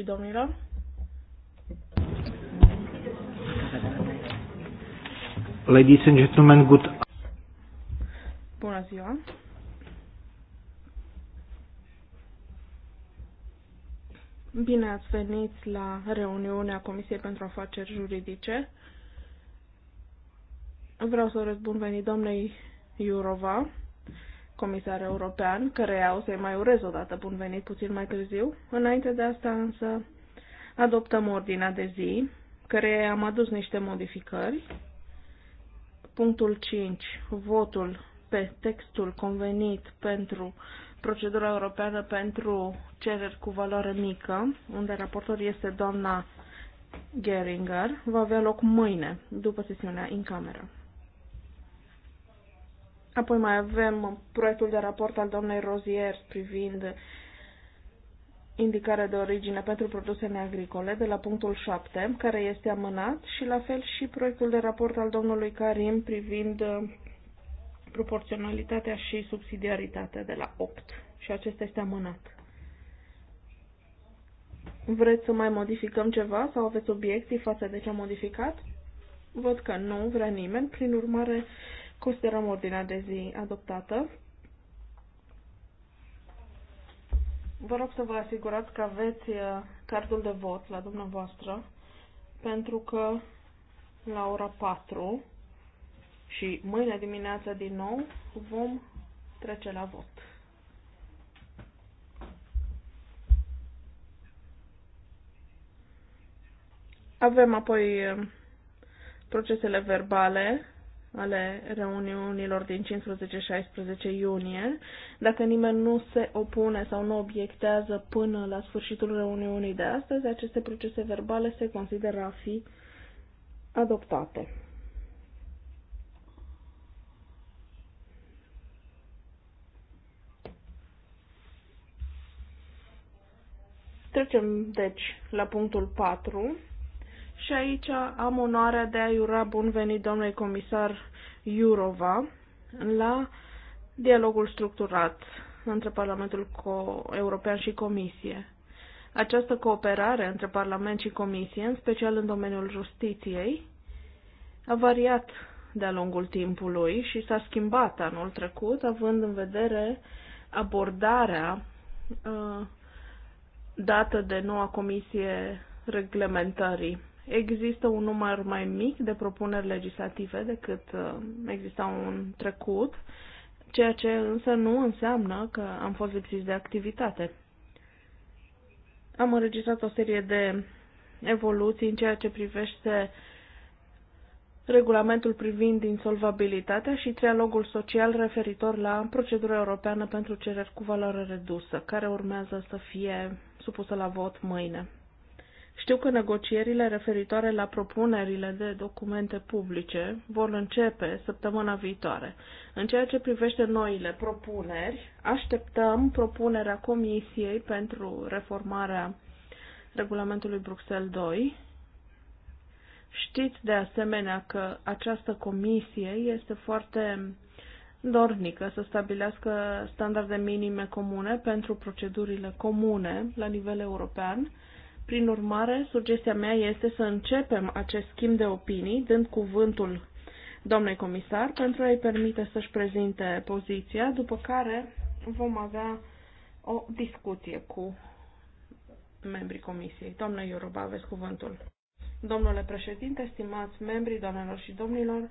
și domnilor. Ladies and gentlemen, good. Bună ziua. Bine ați venit la reuniunea Comisiei pentru Afaceri Juridice. Vreau să răspund bun venit domnei Iurova, comisar european, căreia o să-i mai urez odată bun venit puțin mai târziu. Înainte de asta însă adoptăm ordinea de zi, care am adus niște modificări. Punctul 5. Votul pe textul convenit pentru procedura europeană pentru cereri cu valoare mică, unde raportor este doamna Geringer, va avea loc mâine, după sesiunea în cameră. Apoi mai avem proiectul de raport al doamnei Rozier privind indicarea de origine pentru produsele agricole de la punctul 7, care este amânat, și la fel și proiectul de raport al domnului Karim privind uh, proporționalitatea și subsidiaritatea de la 8 și acesta este amânat. Vreți să mai modificăm ceva sau aveți obiecții față de ce am modificat? Văd că nu vrea nimeni, prin urmare Considerăm ordinea de zi adoptată. Vă rog să vă asigurați că aveți uh, cardul de vot la dumneavoastră, pentru că la ora 4 și mâine dimineața din nou vom trece la vot. Avem apoi uh, procesele verbale ale reuniunilor din 15-16 iunie. Dacă nimeni nu se opune sau nu obiectează până la sfârșitul reuniunii de astăzi, aceste procese verbale se consideră a fi adoptate. Trecem, deci, la punctul 4, și aici am onoarea de a-i bun venit domnului comisar Iurova la dialogul structurat între Parlamentul European și Comisie. Această cooperare între Parlament și Comisie, în special în domeniul justiției, a variat de-a lungul timpului și s-a schimbat anul trecut, având în vedere abordarea uh, dată de noua Comisie Reglementării există un număr mai mic de propuneri legislative decât uh, existau în trecut, ceea ce însă nu înseamnă că am fost lipsiți de activitate. Am înregistrat o serie de evoluții în ceea ce privește regulamentul privind insolvabilitatea și trialogul social referitor la procedura europeană pentru cereri cu valoare redusă, care urmează să fie supusă la vot mâine. Știu că negocierile referitoare la propunerile de documente publice vor începe săptămâna viitoare. În ceea ce privește noile propuneri, așteptăm propunerea Comisiei pentru reformarea regulamentului Bruxelles 2. Știți de asemenea că această comisie este foarte dornică să stabilească standarde minime comune pentru procedurile comune la nivel european prin urmare, sugestia mea este să începem acest schimb de opinii, dând cuvântul doamnei comisar, pentru a-i permite să-și prezinte poziția, după care vom avea o discuție cu membrii comisiei. Doamna Ioroba, aveți cuvântul. Domnule președinte, stimați membrii, doamnelor și domnilor,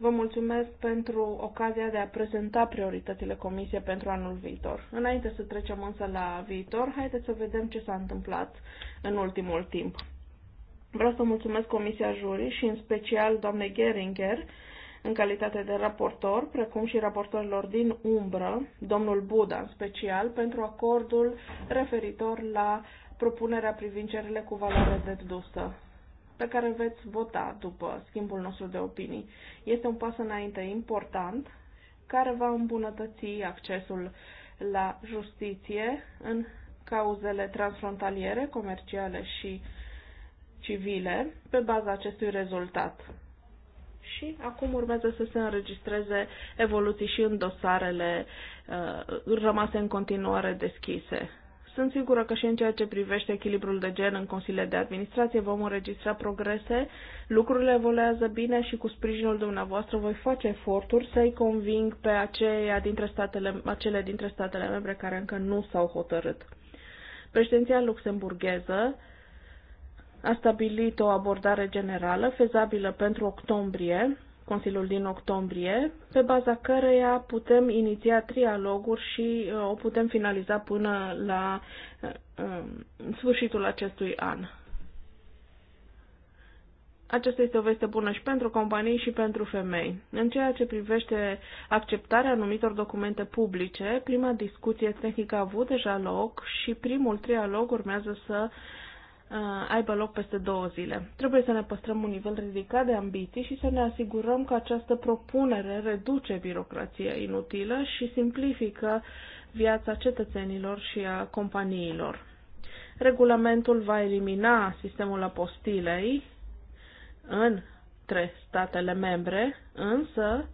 Vă mulțumesc pentru ocazia de a prezenta prioritățile Comisiei pentru anul viitor. Înainte să trecem însă la viitor, haideți să vedem ce s-a întâmplat în ultimul timp. Vreau să mulțumesc Comisia juri și în special doamnei Geringer, în calitate de raportor, precum și raportorilor din umbră, domnul Buda în special, pentru acordul referitor la propunerea privind cererile cu valoare dedusă pe care veți vota după schimbul nostru de opinii. Este un pas înainte important care va îmbunătăți accesul la justiție în cauzele transfrontaliere, comerciale și civile pe baza acestui rezultat. Și acum urmează să se înregistreze evoluții și în dosarele uh, rămase în continuare deschise sunt sigură că și în ceea ce privește echilibrul de gen în Consiliile de Administrație vom înregistra progrese, lucrurile evoluează bine și cu sprijinul dumneavoastră voi face eforturi să-i conving pe aceia dintre statele, acele dintre statele membre care încă nu s-au hotărât. Președinția luxemburgheză a stabilit o abordare generală fezabilă pentru octombrie, Consiliul din octombrie, pe baza căreia putem iniția trialoguri și uh, o putem finaliza până la uh, um, sfârșitul acestui an. Aceasta este o veste bună și pentru companii și pentru femei. În ceea ce privește acceptarea anumitor documente publice, prima discuție tehnică a avut deja loc și primul trialog urmează să Uh, aibă loc peste două zile. Trebuie să ne păstrăm un nivel ridicat de ambiții și să ne asigurăm că această propunere reduce birocrația inutilă și simplifică viața cetățenilor și a companiilor. Regulamentul va elimina sistemul apostilei în trei statele membre, însă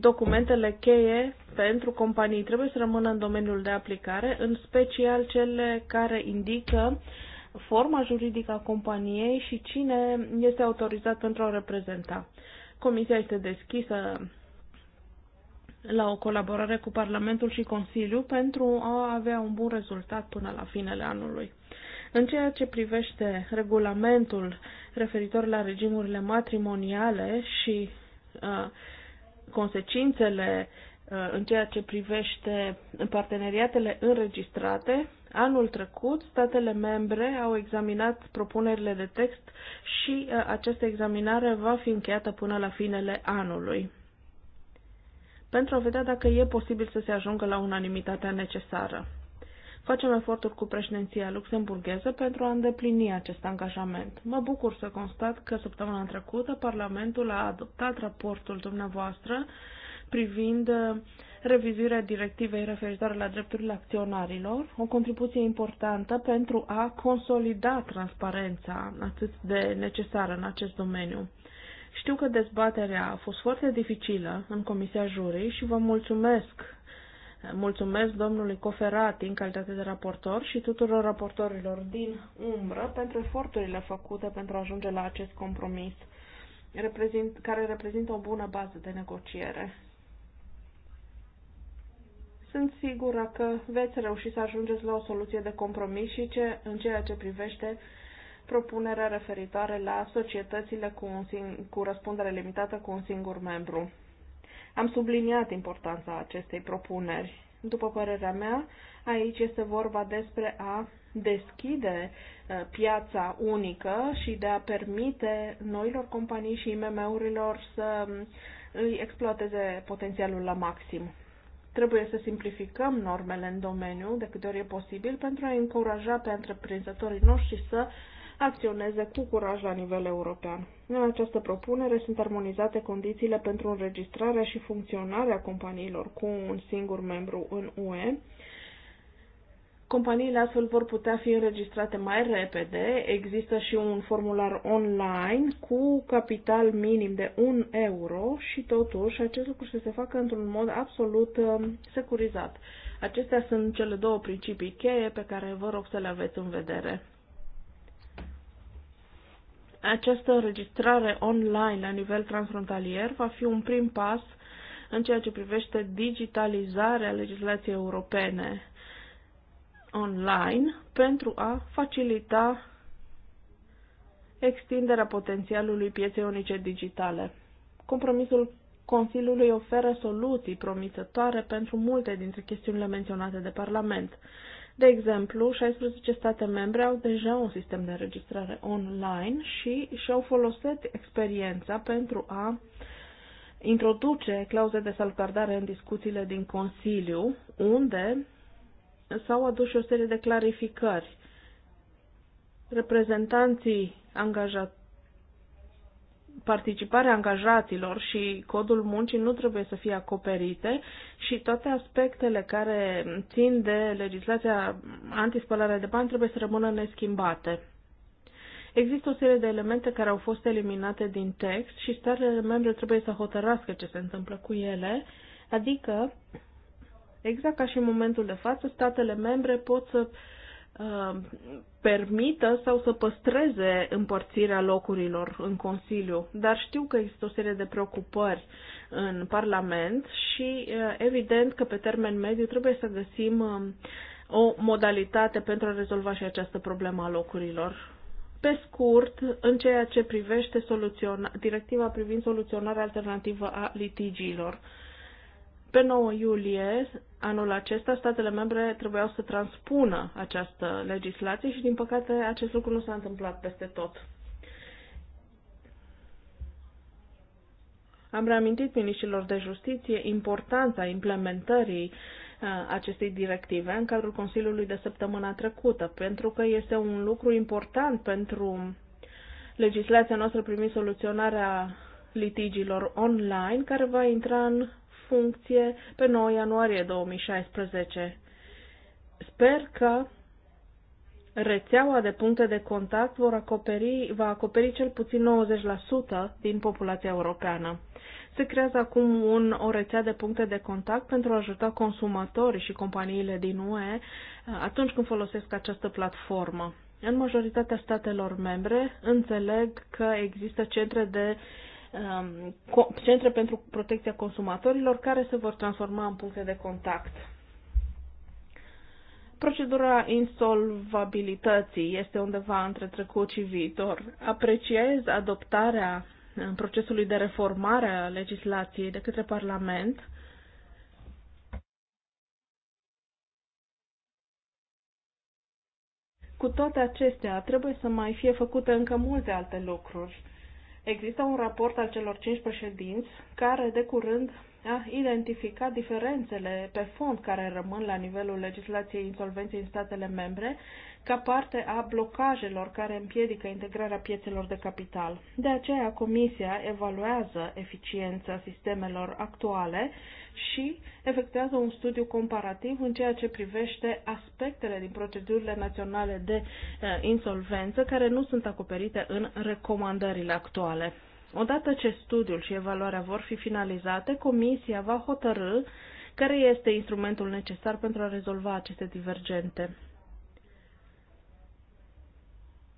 documentele cheie pentru companii trebuie să rămână în domeniul de aplicare, în special cele care indică forma juridică a companiei și cine este autorizat pentru a reprezenta. Comisia este deschisă la o colaborare cu Parlamentul și Consiliu pentru a avea un bun rezultat până la finele anului. În ceea ce privește regulamentul referitor la regimurile matrimoniale și uh, consecințele uh, în ceea ce privește parteneriatele înregistrate, anul trecut statele membre au examinat propunerile de text și uh, această examinare va fi încheiată până la finele anului pentru a vedea dacă e posibil să se ajungă la unanimitatea necesară. Facem eforturi cu președinția luxemburgheză pentru a îndeplini acest angajament. Mă bucur să constat că săptămâna trecută Parlamentul a adoptat raportul dumneavoastră privind uh, revizuirea directivei referitoare la drepturile acționarilor, o contribuție importantă pentru a consolida transparența atât de necesară în acest domeniu. Știu că dezbaterea a fost foarte dificilă în Comisia Jurii și vă mulțumesc Mulțumesc domnului Coferat în calitate de raportor și tuturor raportorilor din umbră pentru eforturile făcute pentru a ajunge la acest compromis, care reprezintă o bună bază de negociere. Sunt sigură că veți reuși să ajungeți la o soluție de compromis și ce, în ceea ce privește propunerea referitoare la societățile cu, un sing- cu răspundere limitată cu un singur membru. Am subliniat importanța acestei propuneri. După părerea mea, aici este vorba despre a deschide uh, piața unică și de a permite noilor companii și IMM-urilor să um, îi exploateze potențialul la maxim. Trebuie să simplificăm normele în domeniu de câte ori e posibil pentru a încuraja pe întreprinzătorii noștri să acționeze cu curaj la nivel european. În această propunere sunt armonizate condițiile pentru înregistrarea și funcționarea companiilor cu un singur membru în UE. Companiile astfel vor putea fi înregistrate mai repede. Există și un formular online cu capital minim de 1 euro și totuși acest lucru să se facă într-un mod absolut um, securizat. Acestea sunt cele două principii cheie pe care vă rog să le aveți în vedere. Această înregistrare online la nivel transfrontalier va fi un prim pas în ceea ce privește digitalizarea legislației europene online pentru a facilita extinderea potențialului pieței unice digitale. Compromisul Consiliului oferă soluții promițătoare pentru multe dintre chestiunile menționate de Parlament. De exemplu, 16 state membre au deja un sistem de înregistrare online și și-au folosit experiența pentru a introduce clauze de salvgardare în discuțiile din Consiliu, unde s-au adus și o serie de clarificări. Reprezentanții angajat participarea angajaților și codul muncii nu trebuie să fie acoperite și toate aspectele care țin de legislația antispălare de bani trebuie să rămână neschimbate. Există o serie de elemente care au fost eliminate din text și statele membre trebuie să hotărască ce se întâmplă cu ele, adică, exact ca și în momentul de față, statele membre pot să uh, Uh, permită sau să păstreze împărțirea locurilor în Consiliu. Dar știu că există o serie de preocupări în Parlament și uh, evident că pe termen mediu trebuie să găsim uh, o modalitate pentru a rezolva și această problemă a locurilor. Pe scurt, în ceea ce privește directiva privind soluționarea alternativă a litigiilor. Pe 9 iulie anul acesta, statele membre trebuiau să transpună această legislație și, din păcate, acest lucru nu s-a întâmplat peste tot. Am reamintit ministrilor de justiție importanța implementării uh, acestei directive în cadrul Consiliului de săptămâna trecută, pentru că este un lucru important pentru legislația noastră privind soluționarea litigiilor online, care va intra în funcție pe 9 ianuarie 2016. Sper că rețeaua de puncte de contact vor acoperi, va acoperi cel puțin 90% din populația europeană. Se creează acum un, o rețea de puncte de contact pentru a ajuta consumatorii și companiile din UE uh, atunci când folosesc această platformă. În majoritatea statelor membre înțeleg că există centre de uh, Um, centre pentru protecția consumatorilor care se vor transforma în puncte de contact. Procedura insolvabilității este undeva între trecut și viitor. Apreciez adoptarea um, procesului de reformare a legislației de către Parlament. Cu toate acestea, trebuie să mai fie făcute încă multe alte lucruri Există un raport al celor cinci președinți care de curând a identificat diferențele pe fond care rămân la nivelul legislației insolvenței în statele membre ca parte a blocajelor care împiedică integrarea piețelor de capital. De aceea, Comisia evaluează eficiența sistemelor actuale și efectuează un studiu comparativ în ceea ce privește aspectele din procedurile naționale de eh, insolvență care nu sunt acoperite în recomandările actuale. Odată ce studiul și evaluarea vor fi finalizate, Comisia va hotărâ care este instrumentul necesar pentru a rezolva aceste divergente.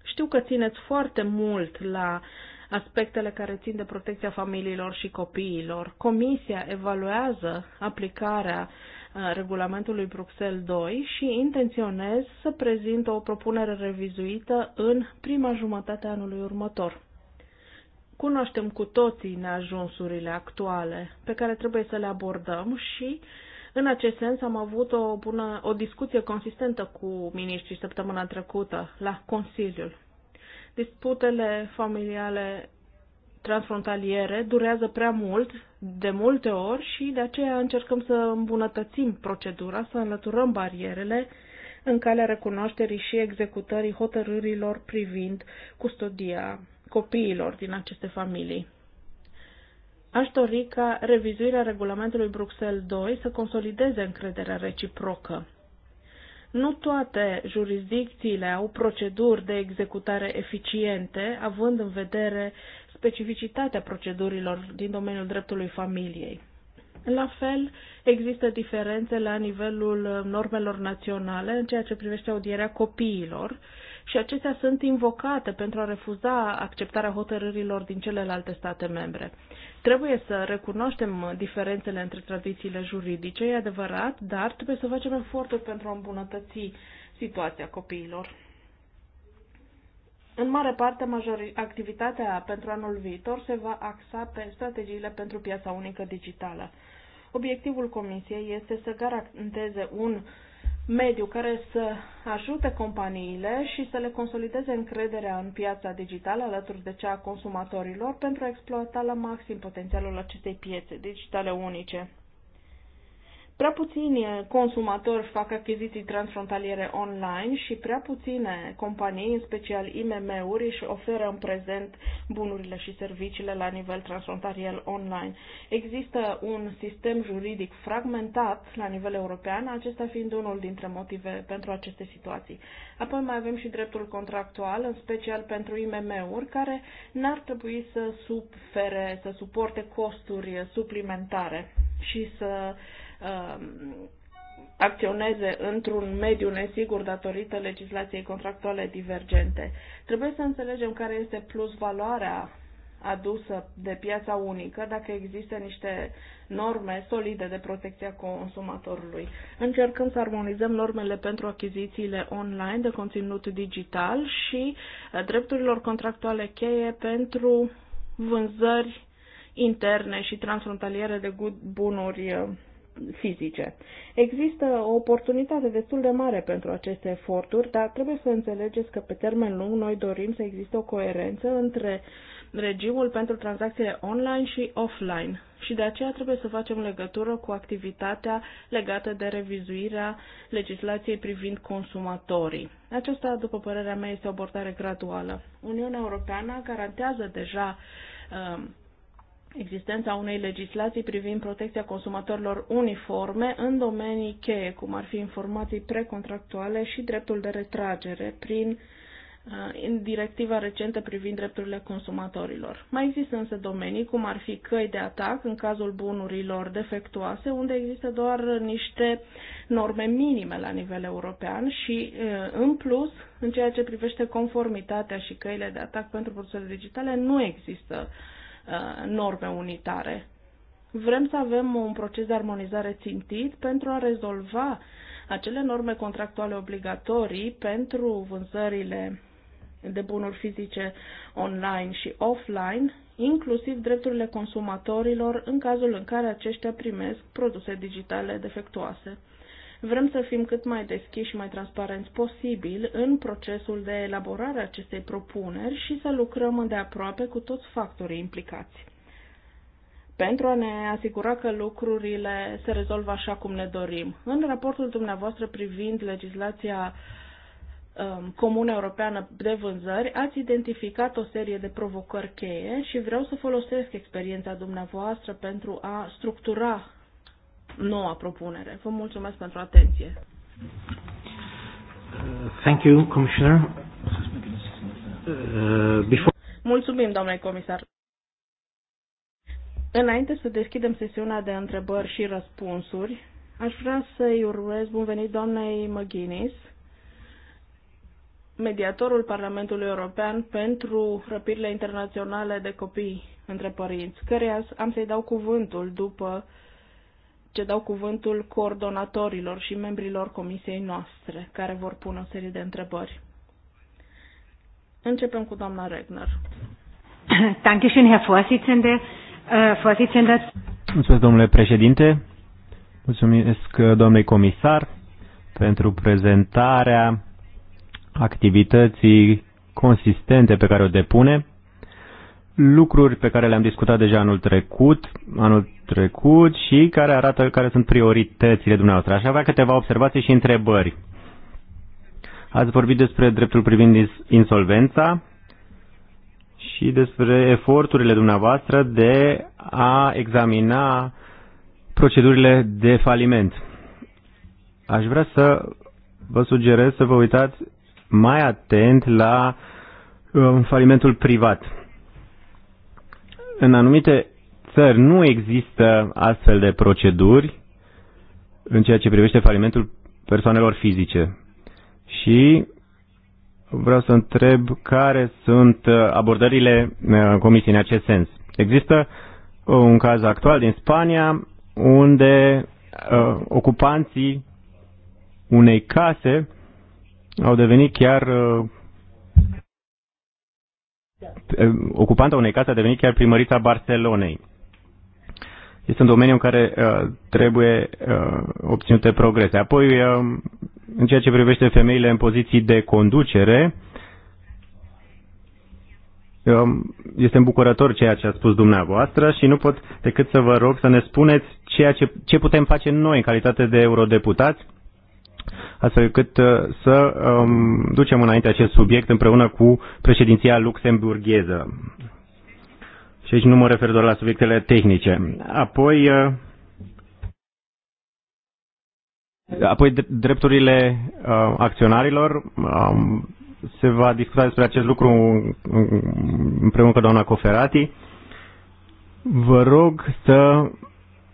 Știu că țineți foarte mult la uh, aspectele care țin de protecția familiilor și copiilor. Comisia evaluează aplicarea uh, regulamentului Bruxelles 2 și intenționez să prezint o propunere revizuită în prima jumătate a anului următor. Cunoaștem cu toții neajunsurile actuale pe care trebuie să le abordăm și în acest sens am avut o, bună, o discuție consistentă cu miniștrii săptămâna trecută la Consiliul Disputele familiale transfrontaliere durează prea mult, de multe ori, și de aceea încercăm să îmbunătățim procedura, să înlăturăm barierele în calea recunoașterii și executării hotărârilor privind custodia copiilor din aceste familii. Aș dori ca revizuirea regulamentului Bruxelles 2 să consolideze încrederea reciprocă nu toate jurisdicțiile au proceduri de executare eficiente, având în vedere specificitatea procedurilor din domeniul dreptului familiei. La fel, există diferențe la nivelul normelor naționale în ceea ce privește audierea copiilor și acestea sunt invocate pentru a refuza acceptarea hotărârilor din celelalte state membre. Trebuie să recunoaștem diferențele între tradițiile juridice, e adevărat, dar trebuie să facem eforturi pentru a îmbunătăți situația copiilor. În mare parte, majori, activitatea pentru anul viitor se va axa pe strategiile pentru piața unică digitală. Obiectivul Comisiei este să garanteze un mediu care să ajute companiile și să le consolideze încrederea în piața digitală alături de cea a consumatorilor pentru a exploata la maxim potențialul acestei piețe digitale unice. Prea puțini consumatori fac achiziții transfrontaliere online și prea puține companii, în special IMM-uri, își oferă în prezent bunurile și serviciile la nivel transfrontalier online. Există un sistem juridic fragmentat la nivel european, acesta fiind unul dintre motive pentru aceste situații. Apoi mai avem și dreptul contractual, în special pentru IMM-uri, care n-ar trebui să sufere, să suporte costuri suplimentare și să uh, Um, acționeze într-un mediu nesigur datorită legislației contractuale divergente. Trebuie să înțelegem care este plus valoarea adusă de piața unică dacă există niște norme solide de protecția consumatorului. Încercăm să armonizăm normele pentru achizițiile online de conținut digital și uh, drepturilor contractuale cheie pentru vânzări interne și transfrontaliere de bunuri uh, fizice. Există o oportunitate destul de mare pentru aceste eforturi, dar trebuie să înțelegeți că pe termen lung noi dorim să existe o coerență între regimul pentru tranzacțiile online și offline și de aceea trebuie să facem legătură cu activitatea legată de revizuirea legislației privind consumatorii. Aceasta, după părerea mea, este o abordare graduală. Uniunea Europeană garantează deja um, existența unei legislații privind protecția consumatorilor uniforme în domenii cheie, cum ar fi informații precontractuale și dreptul de retragere prin uh, în directiva recentă privind drepturile consumatorilor. Mai există însă domenii, cum ar fi căi de atac în cazul bunurilor defectuoase, unde există doar niște norme minime la nivel european și, uh, în plus, în ceea ce privește conformitatea și căile de atac pentru produsele digitale, nu există uh, Uh, norme unitare. Vrem să avem un proces de armonizare țintit pentru a rezolva acele norme contractuale obligatorii pentru vânzările de bunuri fizice online și offline, inclusiv drepturile consumatorilor în cazul în care aceștia primesc produse digitale defectuoase. Vrem să fim cât mai deschiși și mai transparenți posibil în procesul de elaborare a acestei propuneri și să lucrăm îndeaproape cu toți factorii implicați. Pentru a ne asigura că lucrurile se rezolvă așa cum ne dorim. În raportul dumneavoastră privind legislația um, Comune Europeană de Vânzări, ați identificat o serie de provocări cheie și vreau să folosesc experiența dumneavoastră pentru a structura noua propunere. Vă mulțumesc pentru atenție. Uh, thank you, Commissioner. Uh, before... Mulțumim, domnule comisar. Înainte să deschidem sesiunea de întrebări și răspunsuri, aș vrea să-i urmez bun venit doamnei McGuinness, mediatorul Parlamentului European pentru răpirile internaționale de copii între părinți, căreia am să-i dau cuvântul după uh, ce dau cuvântul coordonatorilor și membrilor comisiei noastre, care vor pune o serie de întrebări. Începem cu doamna Regner. Dankeschön, Herr Vorsitzende. Äh, Vorsitzender. Mulțumesc, domnule președinte. Mulțumesc, domnule comisar, pentru prezentarea activității consistente pe care o depune lucruri pe care le-am discutat deja anul trecut, anul trecut și care arată care sunt prioritățile dumneavoastră. Aș avea câteva observații și întrebări. Ați vorbit despre dreptul privind insolvența și despre eforturile dumneavoastră de a examina procedurile de faliment. Aș vrea să vă sugerez să vă uitați mai atent la uh, falimentul privat în anumite țări nu există astfel de proceduri în ceea ce privește falimentul persoanelor fizice. Și vreau să întreb care sunt uh, abordările uh, Comisiei în acest sens. Există uh, un caz actual din Spania unde uh, ocupanții unei case au devenit chiar uh, Ocupanta unei case a devenit chiar primărița Barcelonei. Este un domeniu în care uh, trebuie uh, obținute progrese. Apoi, uh, în ceea ce privește femeile în poziții de conducere, um, este îmbucurător ceea ce a spus dumneavoastră și nu pot decât să vă rog să ne spuneți ceea ce, ce putem face noi în calitate de eurodeputați astfel încât uh, să um, ducem înainte acest subiect împreună cu președinția luxemburgheză. Și aici nu mă refer doar la subiectele tehnice. Apoi, uh, apoi drepturile uh, acționarilor. Um, se va discuta despre acest lucru împreună cu doamna Coferati. Vă rog să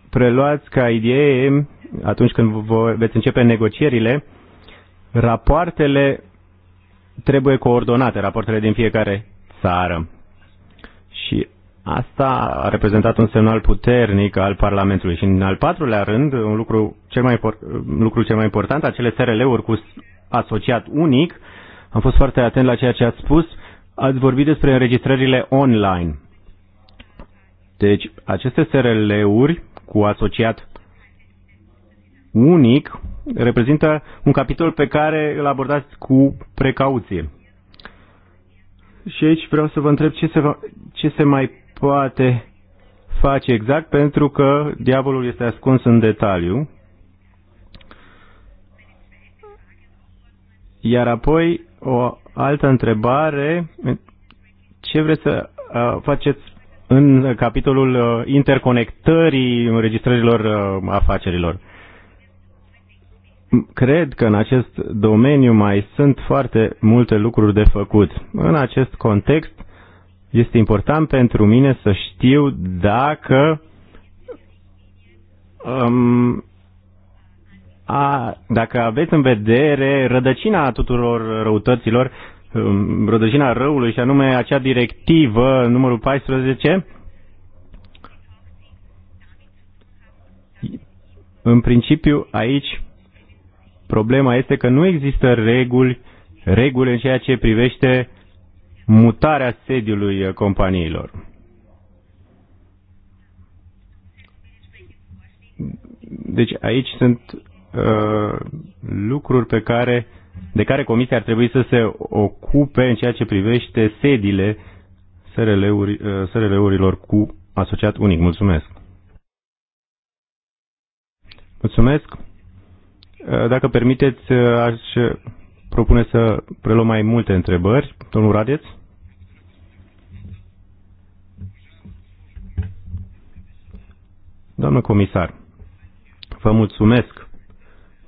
preluați ca idee atunci când vă, veți începe negocierile, rapoartele trebuie coordonate, rapoartele din fiecare țară. Și asta a reprezentat un semnal puternic al Parlamentului. Și în al patrulea rând, un lucru cel mai, lucru cel mai important, acele SRL-uri cu asociat unic, am fost foarte atent la ceea ce ați spus, ați vorbit despre înregistrările online. Deci, aceste SRL-uri cu asociat unic reprezintă un capitol pe care îl abordați cu precauție. Și aici vreau să vă întreb ce se, va, ce se mai poate face exact, pentru că diavolul este ascuns în detaliu. Iar apoi o altă întrebare, ce vreți să faceți în capitolul interconectării înregistrărilor afacerilor? cred că în acest domeniu mai sunt foarte multe lucruri de făcut. În acest context este important pentru mine să știu dacă um, a, dacă aveți în vedere rădăcina tuturor răutăților, um, rădăcina răului și anume acea directivă numărul 14, în principiu aici problema este că nu există reguli, reguli în ceea ce privește mutarea sediului uh, companiilor. Deci aici sunt uh, lucruri pe care, de care comisia ar trebui să se ocupe în ceea ce privește sediile SRL-uri, uh, SRL-urilor cu asociat unic. Mulțumesc! Mulțumesc! Eh, dacă permiteți, eh, aș propune să preluăm mai multe întrebări. Domnul Radeț? Doamnă comisar, vă mulțumesc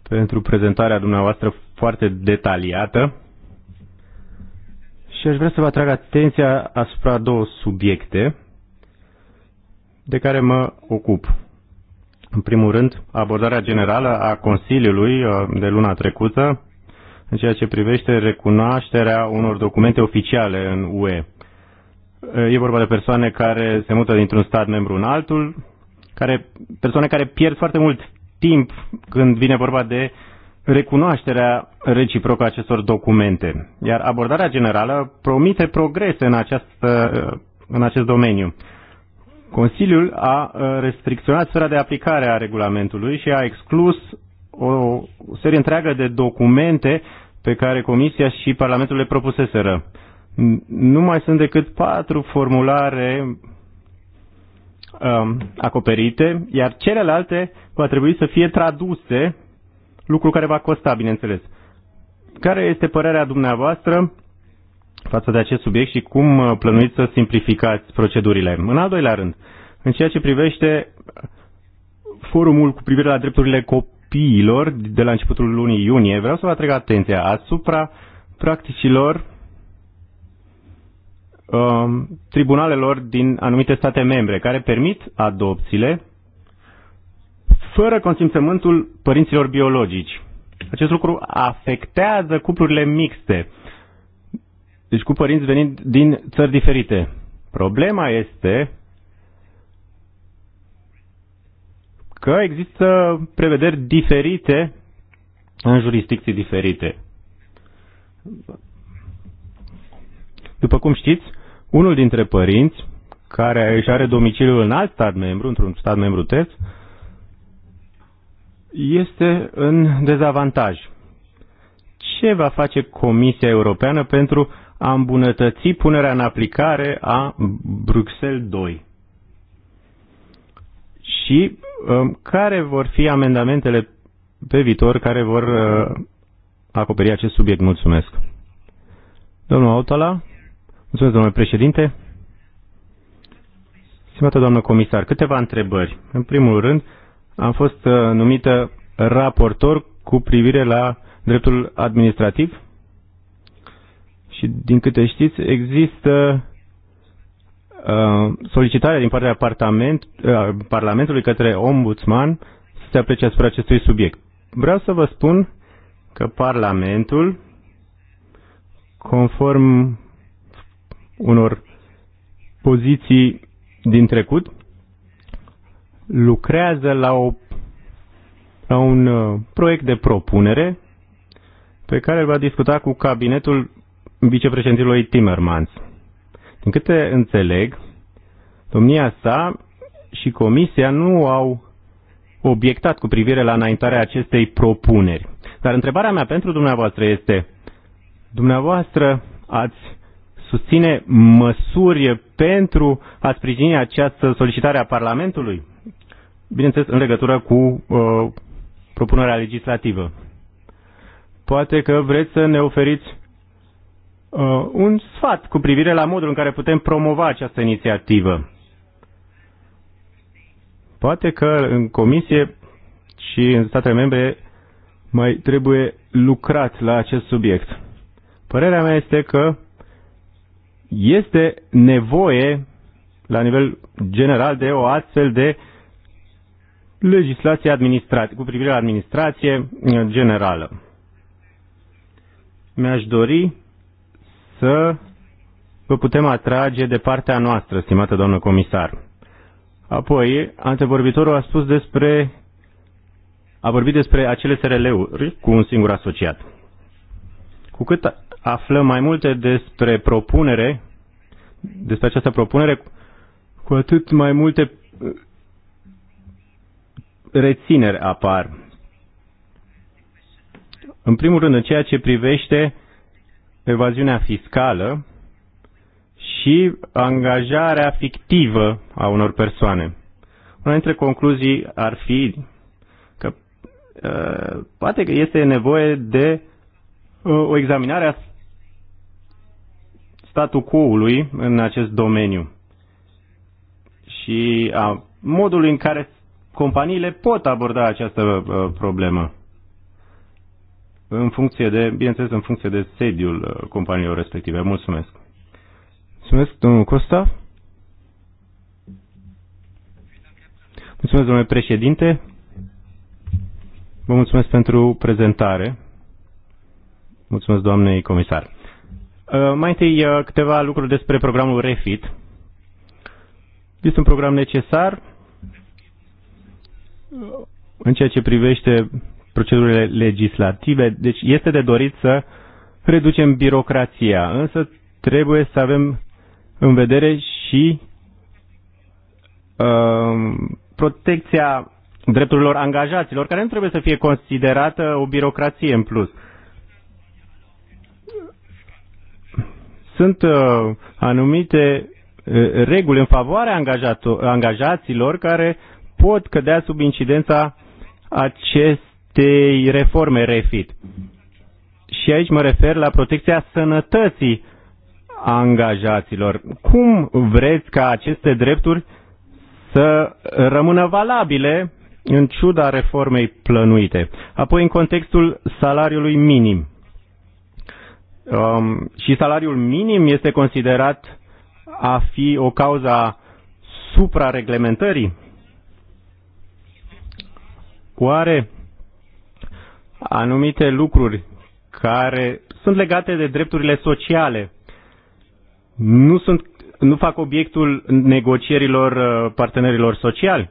pentru prezentarea dumneavoastră foarte detaliată și aș vrea să vă atrag atenția asupra două subiecte de care mă ocup. În primul rând, abordarea generală a Consiliului uh, de luna trecută în ceea ce privește recunoașterea unor documente oficiale în UE. Uh, e vorba de persoane care se mută dintr-un stat membru în altul, care, persoane care pierd foarte mult timp când vine vorba de recunoașterea reciprocă a acestor documente. Iar abordarea generală promite progrese în, această, uh, în acest domeniu. Consiliul a uh, restricționat sfera de aplicare a regulamentului și a exclus o serie întreagă de documente pe care Comisia și Parlamentul le propuseseră. Nu mai sunt decât patru formulare um, acoperite, iar celelalte va trebui să fie traduse, lucru care va costa, bineînțeles. Care este părerea dumneavoastră față de acest subiect și cum uh, plănuiți să simplificați procedurile. În al doilea rând, în ceea ce privește uh, forumul cu privire la drepturile copiilor de la începutul lunii iunie, vreau să vă atrag atenția asupra practicilor um, tribunalelor din anumite state membre care permit adopțiile fără consimțământul părinților biologici. Acest lucru afectează cuplurile mixte deci cu părinți venind din țări diferite. Problema este că există prevederi diferite în jurisdicții diferite. După cum știți, unul dintre părinți care își are domiciliul în alt stat membru, într-un stat membru test, este în dezavantaj. Ce va face Comisia Europeană pentru a îmbunătăți punerea în aplicare a Bruxelles 2. Și um, care vor fi amendamentele pe viitor care vor uh, acoperi acest subiect? Mulțumesc. Domnul Autala, mulțumesc, domnule președinte. Stimată doamnă comisar, câteva întrebări. În primul rând, am fost uh, numită raportor cu privire la dreptul administrativ și din câte știți, există uh, solicitarea din partea apartament, uh, Parlamentului către ombudsman să se aprecie asupra acestui subiect. Vreau să vă spun că Parlamentul, conform unor poziții din trecut, lucrează la, o, la un uh, proiect de propunere pe care îl va discuta cu cabinetul vicepreședintelui Timmermans. Din câte înțeleg, domnia sa și comisia nu au obiectat cu privire la înaintarea acestei propuneri. Dar întrebarea mea pentru dumneavoastră este, dumneavoastră ați susține măsuri pentru a sprijini această solicitare a Parlamentului? Bineînțeles, în legătură cu uh, propunerea legislativă. Poate că vreți să ne oferiți uh, un sfat cu privire la modul în care putem promova această inițiativă. Poate că în comisie și în statele membre mai trebuie lucrat la acest subiect. Părerea mea este că este nevoie, la nivel general, de o astfel de legislație administrativă, cu privire la administrație uh, generală. Mi-aș dori să vă putem atrage de partea noastră, stimată doamnă comisar. Apoi, antevorbitorul a spus despre a vorbit despre acele SRL-uri cu un singur asociat. Cu cât aflăm mai multe despre propunere, despre această propunere, cu atât mai multe uh, rețineri apar. În primul rând, în ceea ce privește evaziunea fiscală și angajarea fictivă a unor persoane. Una dintre concluzii ar fi că uh, poate că este nevoie de uh, o examinare a statul quo-ului în acest domeniu și a modului în care companiile pot aborda această uh, problemă în funcție de, bineînțeles, în funcție de sediul uh, companiilor respective. Mulțumesc. Mulțumesc, domnul Costa. Mulțumesc, domnule președinte. Vă mulțumesc pentru prezentare. Mulțumesc, doamnei comisar. Uh, mai întâi uh, câteva lucruri despre programul REFIT. Este un program necesar în ceea ce privește procedurile legislative. Deci este de dorit să reducem birocrația, însă trebuie să avem în vedere și uh, protecția drepturilor angajaților, care nu trebuie să fie considerată o birocrație în plus. Sunt uh, anumite uh, reguli în favoarea angajaților care pot cădea sub incidența acest acestei reforme refit. Și aici mă refer la protecția sănătății a angajaților. Cum vreți ca aceste drepturi să rămână valabile în ciuda reformei plănuite? Apoi în contextul salariului minim. Um, și salariul minim este considerat a fi o cauza suprareglementării? Oare anumite lucruri care sunt legate de drepturile sociale. Nu, sunt, nu fac obiectul negocierilor uh, partenerilor sociali.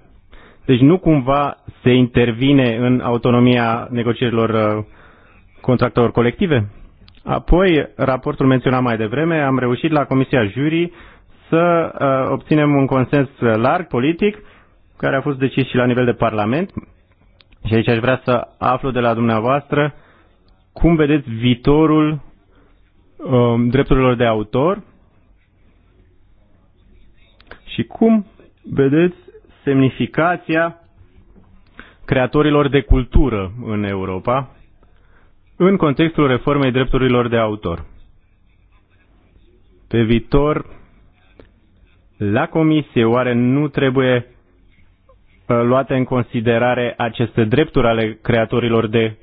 Deci nu cumva se intervine în autonomia negocierilor uh, contractelor colective. Apoi, raportul menționat mai devreme, am reușit la Comisia Jurii să uh, obținem un consens larg politic, care a fost decis și la nivel de Parlament, și aici aș vrea să aflu de la dumneavoastră cum vedeți viitorul um, drepturilor de autor și cum vedeți semnificația creatorilor de cultură în Europa în contextul reformei drepturilor de autor. Pe viitor, la comisie, oare nu trebuie Uh, luate în considerare aceste drepturi ale creatorilor de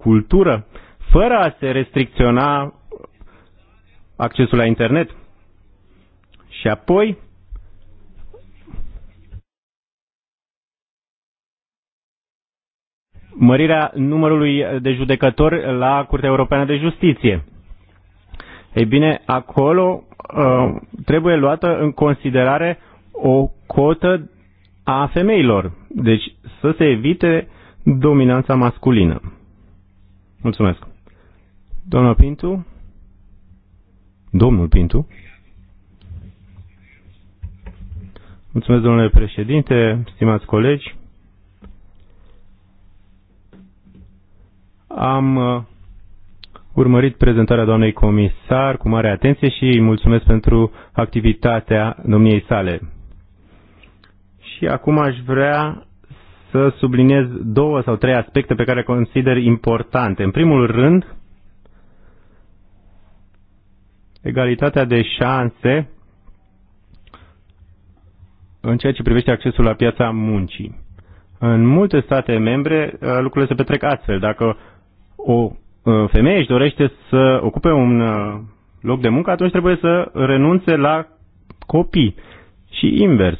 cultură, fără a se restricționa accesul la internet. Și apoi, mărirea numărului de judecători la Curtea Europeană de Justiție. Ei bine, acolo uh, trebuie luată în considerare o cotă a femeilor. Deci să se evite dominanța masculină. Mulțumesc. Domnul Pintu? Domnul Pintu? Mulțumesc, domnule președinte, stimați colegi. Am uh, urmărit prezentarea doamnei comisar cu mare atenție și îi mulțumesc pentru activitatea domniei sale. Și acum aș vrea să subliniez două sau trei aspecte pe care consider importante. În primul rând, egalitatea de șanse în ceea ce privește accesul la piața muncii. În multe state membre uh, lucrurile se petrec astfel. Dacă o uh, femeie își dorește să ocupe un uh, loc de muncă, atunci trebuie să renunțe la copii și invers.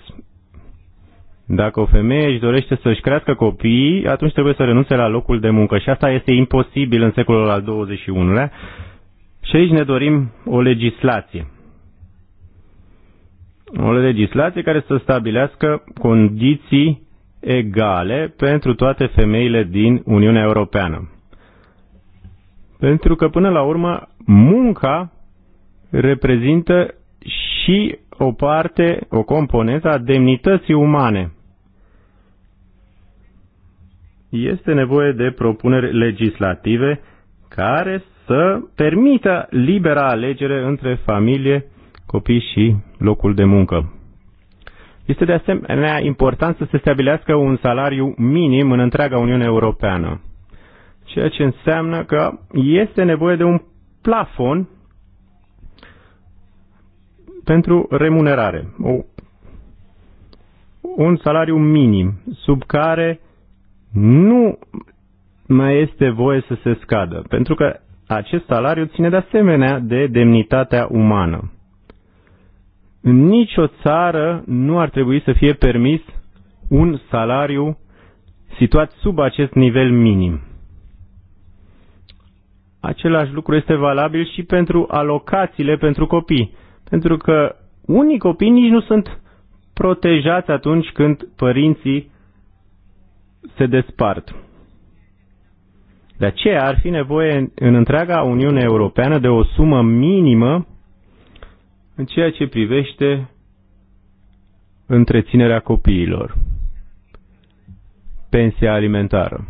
Dacă o femeie își dorește să-și crească copiii, atunci trebuie să renunțe la locul de muncă și asta este imposibil în secolul al XXI-lea și aici ne dorim o legislație. O legislație care să stabilească condiții egale pentru toate femeile din Uniunea Europeană. Pentru că, până la urmă, munca reprezintă și o parte, o componentă a demnității umane este nevoie de propuneri legislative care să permită libera alegere între familie, copii și locul de muncă. Este de asemenea important să se stabilească un salariu minim în întreaga Uniune Europeană, ceea ce înseamnă că este nevoie de un plafon pentru remunerare, un salariu minim, sub care nu mai este voie să se scadă, pentru că acest salariu ține de asemenea de demnitatea umană. În nicio țară nu ar trebui să fie permis un salariu situat sub acest nivel minim. Același lucru este valabil și pentru alocațiile pentru copii, pentru că unii copii nici nu sunt protejați atunci când părinții se despart. De aceea ar fi nevoie în întreaga Uniune Europeană de o sumă minimă în ceea ce privește întreținerea copiilor, pensia alimentară.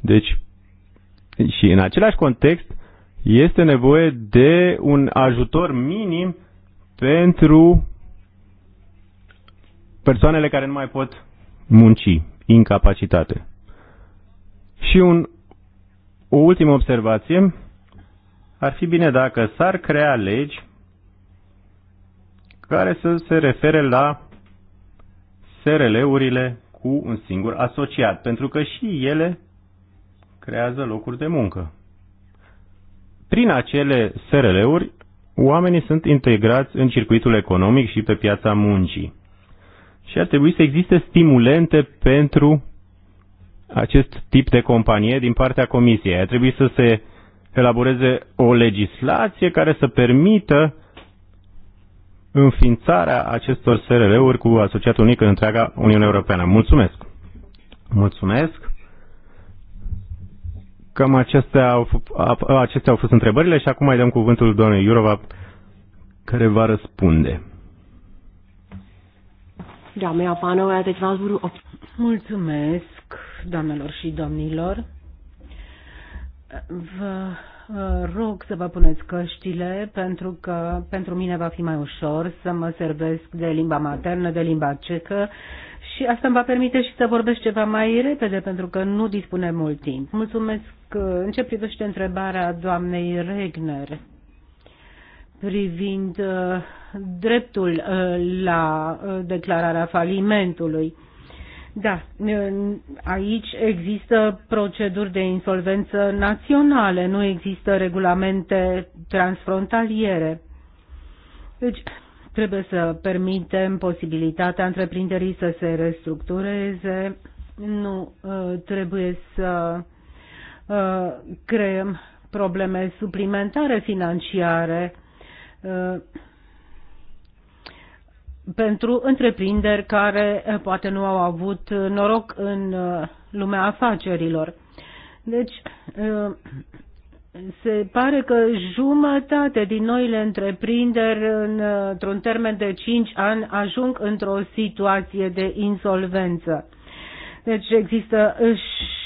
Deci, și în același context, este nevoie de un ajutor minim pentru persoanele care nu mai pot munci, incapacitate. Și un, o ultimă observație, ar fi bine dacă s-ar crea legi care să se refere la SRL-urile cu un singur asociat, pentru că și ele creează locuri de muncă. Prin acele SRL-uri, oamenii sunt integrați în circuitul economic și pe piața muncii și ar trebui să existe stimulente pentru acest tip de companie din partea Comisiei. Ar trebui să se elaboreze o legislație care să permită înființarea acestor SRL-uri cu Asociatul unic în întreaga Uniune Europeană. Mulțumesc! Mulțumesc! Cam acestea au, acestea au fost întrebările și acum mai dăm cuvântul doamnei Iurova care va răspunde. Doamne a pánové, teď vás budu ob... Mulțumesc, doamnelor și domnilor. Vă rog să vă puneți căștile pentru că pentru mine va fi mai ușor să mă servesc de limba maternă, de limba cecă, și asta îmi va permite și să vorbesc ceva mai repede pentru că nu dispunem mult timp. Mulțumesc în ce privește întrebarea doamnei Regner privind uh, dreptul uh, la uh, declararea falimentului. Da, aici există proceduri de insolvență naționale, nu există regulamente transfrontaliere. Deci, trebuie să permitem posibilitatea întreprinderii să se restructureze, nu trebuie să creăm probleme suplimentare financiare Uh, pentru întreprinderi care uh, poate nu au avut uh, noroc în lumea afacerilor. Deci, se pare că jumătate din noile întreprinderi într-un termen de 5 ani ajung într-o situație de insolvență. Deci există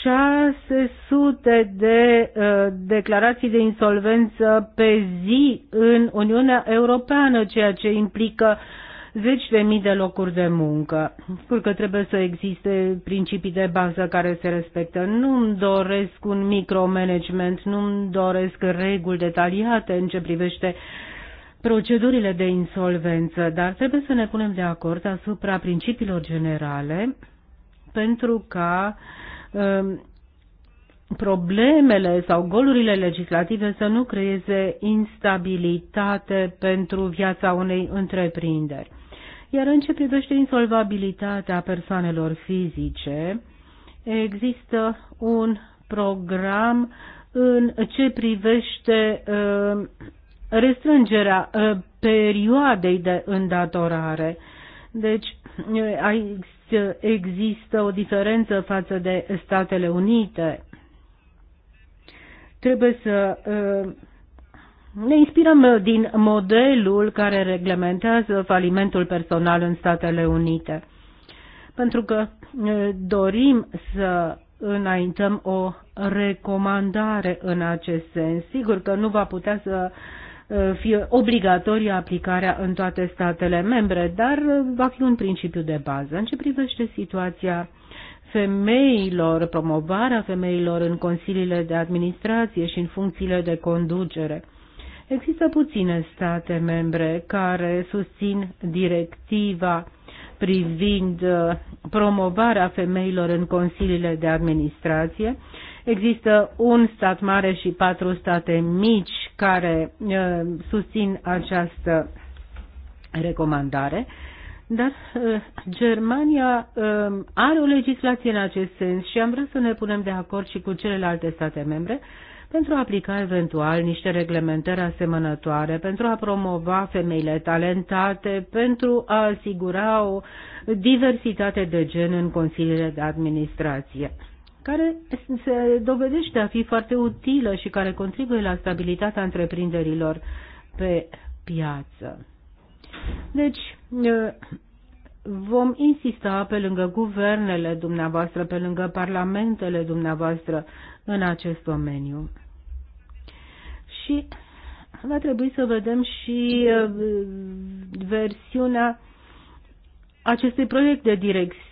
600 de uh, declarații de insolvență pe zi în Uniunea Europeană, ceea ce implică zeci de mii de locuri de muncă. Sigur că trebuie să existe principii de bază care se respectă. Nu-mi doresc un micromanagement, nu-mi doresc reguli detaliate în ce privește procedurile de insolvență, dar trebuie să ne punem de acord asupra principiilor generale pentru ca um, problemele sau golurile legislative să nu creeze instabilitate pentru viața unei întreprinderi. Iar în ce privește insolvabilitatea persoanelor fizice, există un program în ce privește um, restrângerea uh, perioadei de îndatorare. Deci, uh, există o diferență față de Statele Unite. Trebuie să uh, ne inspirăm din modelul care reglementează falimentul personal în Statele Unite, pentru că uh, dorim să înaintăm o recomandare în acest sens. Sigur că nu va putea să Uh, fie obligatorie aplicarea în toate statele membre, dar uh, va fi un principiu de bază. În ce privește situația femeilor, promovarea femeilor în consiliile de administrație și în funcțiile de conducere. Există puține state membre care susțin directiva privind uh, promovarea femeilor în consiliile de administrație, Există un stat mare și patru state mici care uh, susțin această recomandare, dar uh, Germania uh, are o legislație în acest sens și am vrut să ne punem de acord și cu celelalte state membre pentru a aplica eventual niște reglementări asemănătoare, pentru a promova femeile talentate, pentru a asigura o diversitate de gen în consiliile de administrație care se dovedește a fi foarte utilă și care contribuie la stabilitatea întreprinderilor pe piață. Deci, vom insista pe lângă guvernele dumneavoastră, pe lângă parlamentele dumneavoastră în acest domeniu. Și va trebui să vedem și versiunea acestui proiect de direcție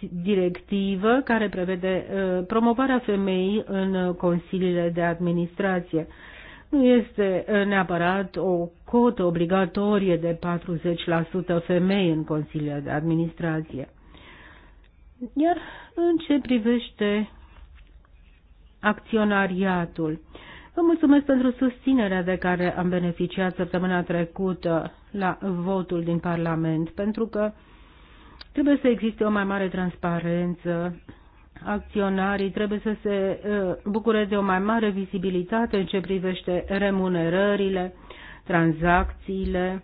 directivă care prevede uh, promovarea femeii în consiliile de administrație. Nu este uh, neapărat o cotă obligatorie de 40% femei în consiliile de administrație. Iar în ce privește acționariatul, Vă mulțumesc pentru susținerea de care am beneficiat săptămâna trecută la votul din Parlament, pentru că Trebuie să existe o mai mare transparență. Acționarii trebuie să se uh, bucure de o mai mare vizibilitate în ce privește remunerările, tranzacțiile.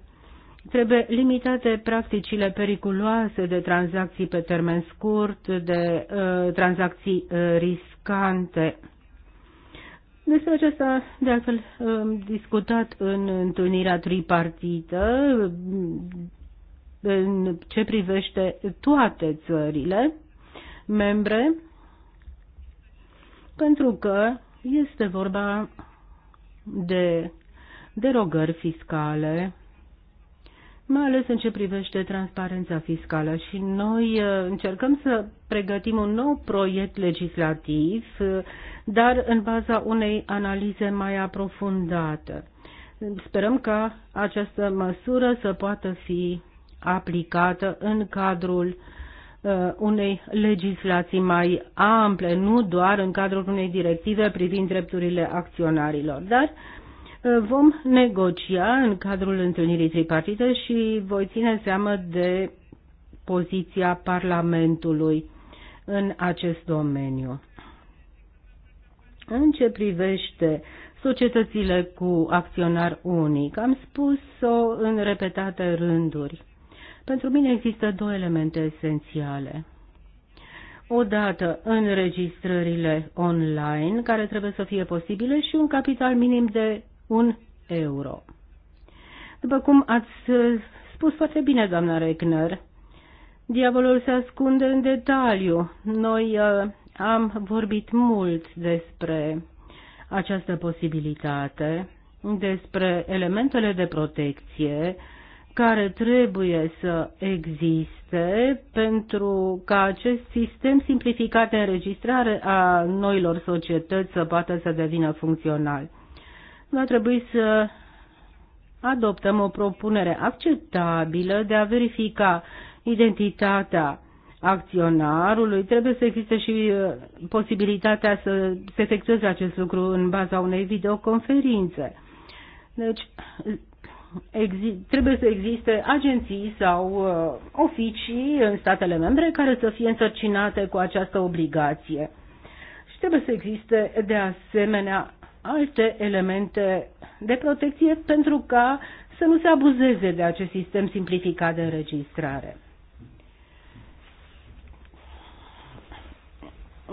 Trebuie limitate practicile periculoase de tranzacții pe termen scurt, de uh, tranzacții uh, riscante. Despre acesta, de altfel, am discutat în întâlnirea tripartită în ce privește toate țările membre, pentru că este vorba de derogări fiscale, mai ales în ce privește transparența fiscală și noi uh, încercăm să pregătim un nou proiect legislativ, uh, dar în baza unei analize mai aprofundate. Sperăm ca această măsură să poată fi aplicată în cadrul uh, unei legislații mai ample, nu doar în cadrul unei directive privind drepturile acționarilor, dar uh, vom negocia în cadrul întâlnirii tripartite și voi ține seamă de poziția Parlamentului în acest domeniu. În ce privește societățile cu acționar unic, am spus-o în repetate rânduri. Pentru mine există două elemente esențiale. Odată înregistrările online, care trebuie să fie posibile, și un capital minim de un euro. După cum ați spus foarte bine, doamna Regner, diavolul se ascunde în detaliu. Noi uh, am vorbit mult despre această posibilitate, despre elementele de protecție care trebuie să existe pentru ca acest sistem simplificat de înregistrare a noilor societăți să poată să devină funcțional. Va trebui să adoptăm o propunere acceptabilă de a verifica identitatea acționarului. Trebuie să existe și uh, posibilitatea să se efectueze acest lucru în baza unei videoconferințe. Deci, trebuie să existe agenții sau uh, oficii în statele membre care să fie însărcinate cu această obligație. Și trebuie să existe de asemenea alte elemente de protecție pentru ca să nu se abuzeze de acest sistem simplificat de înregistrare.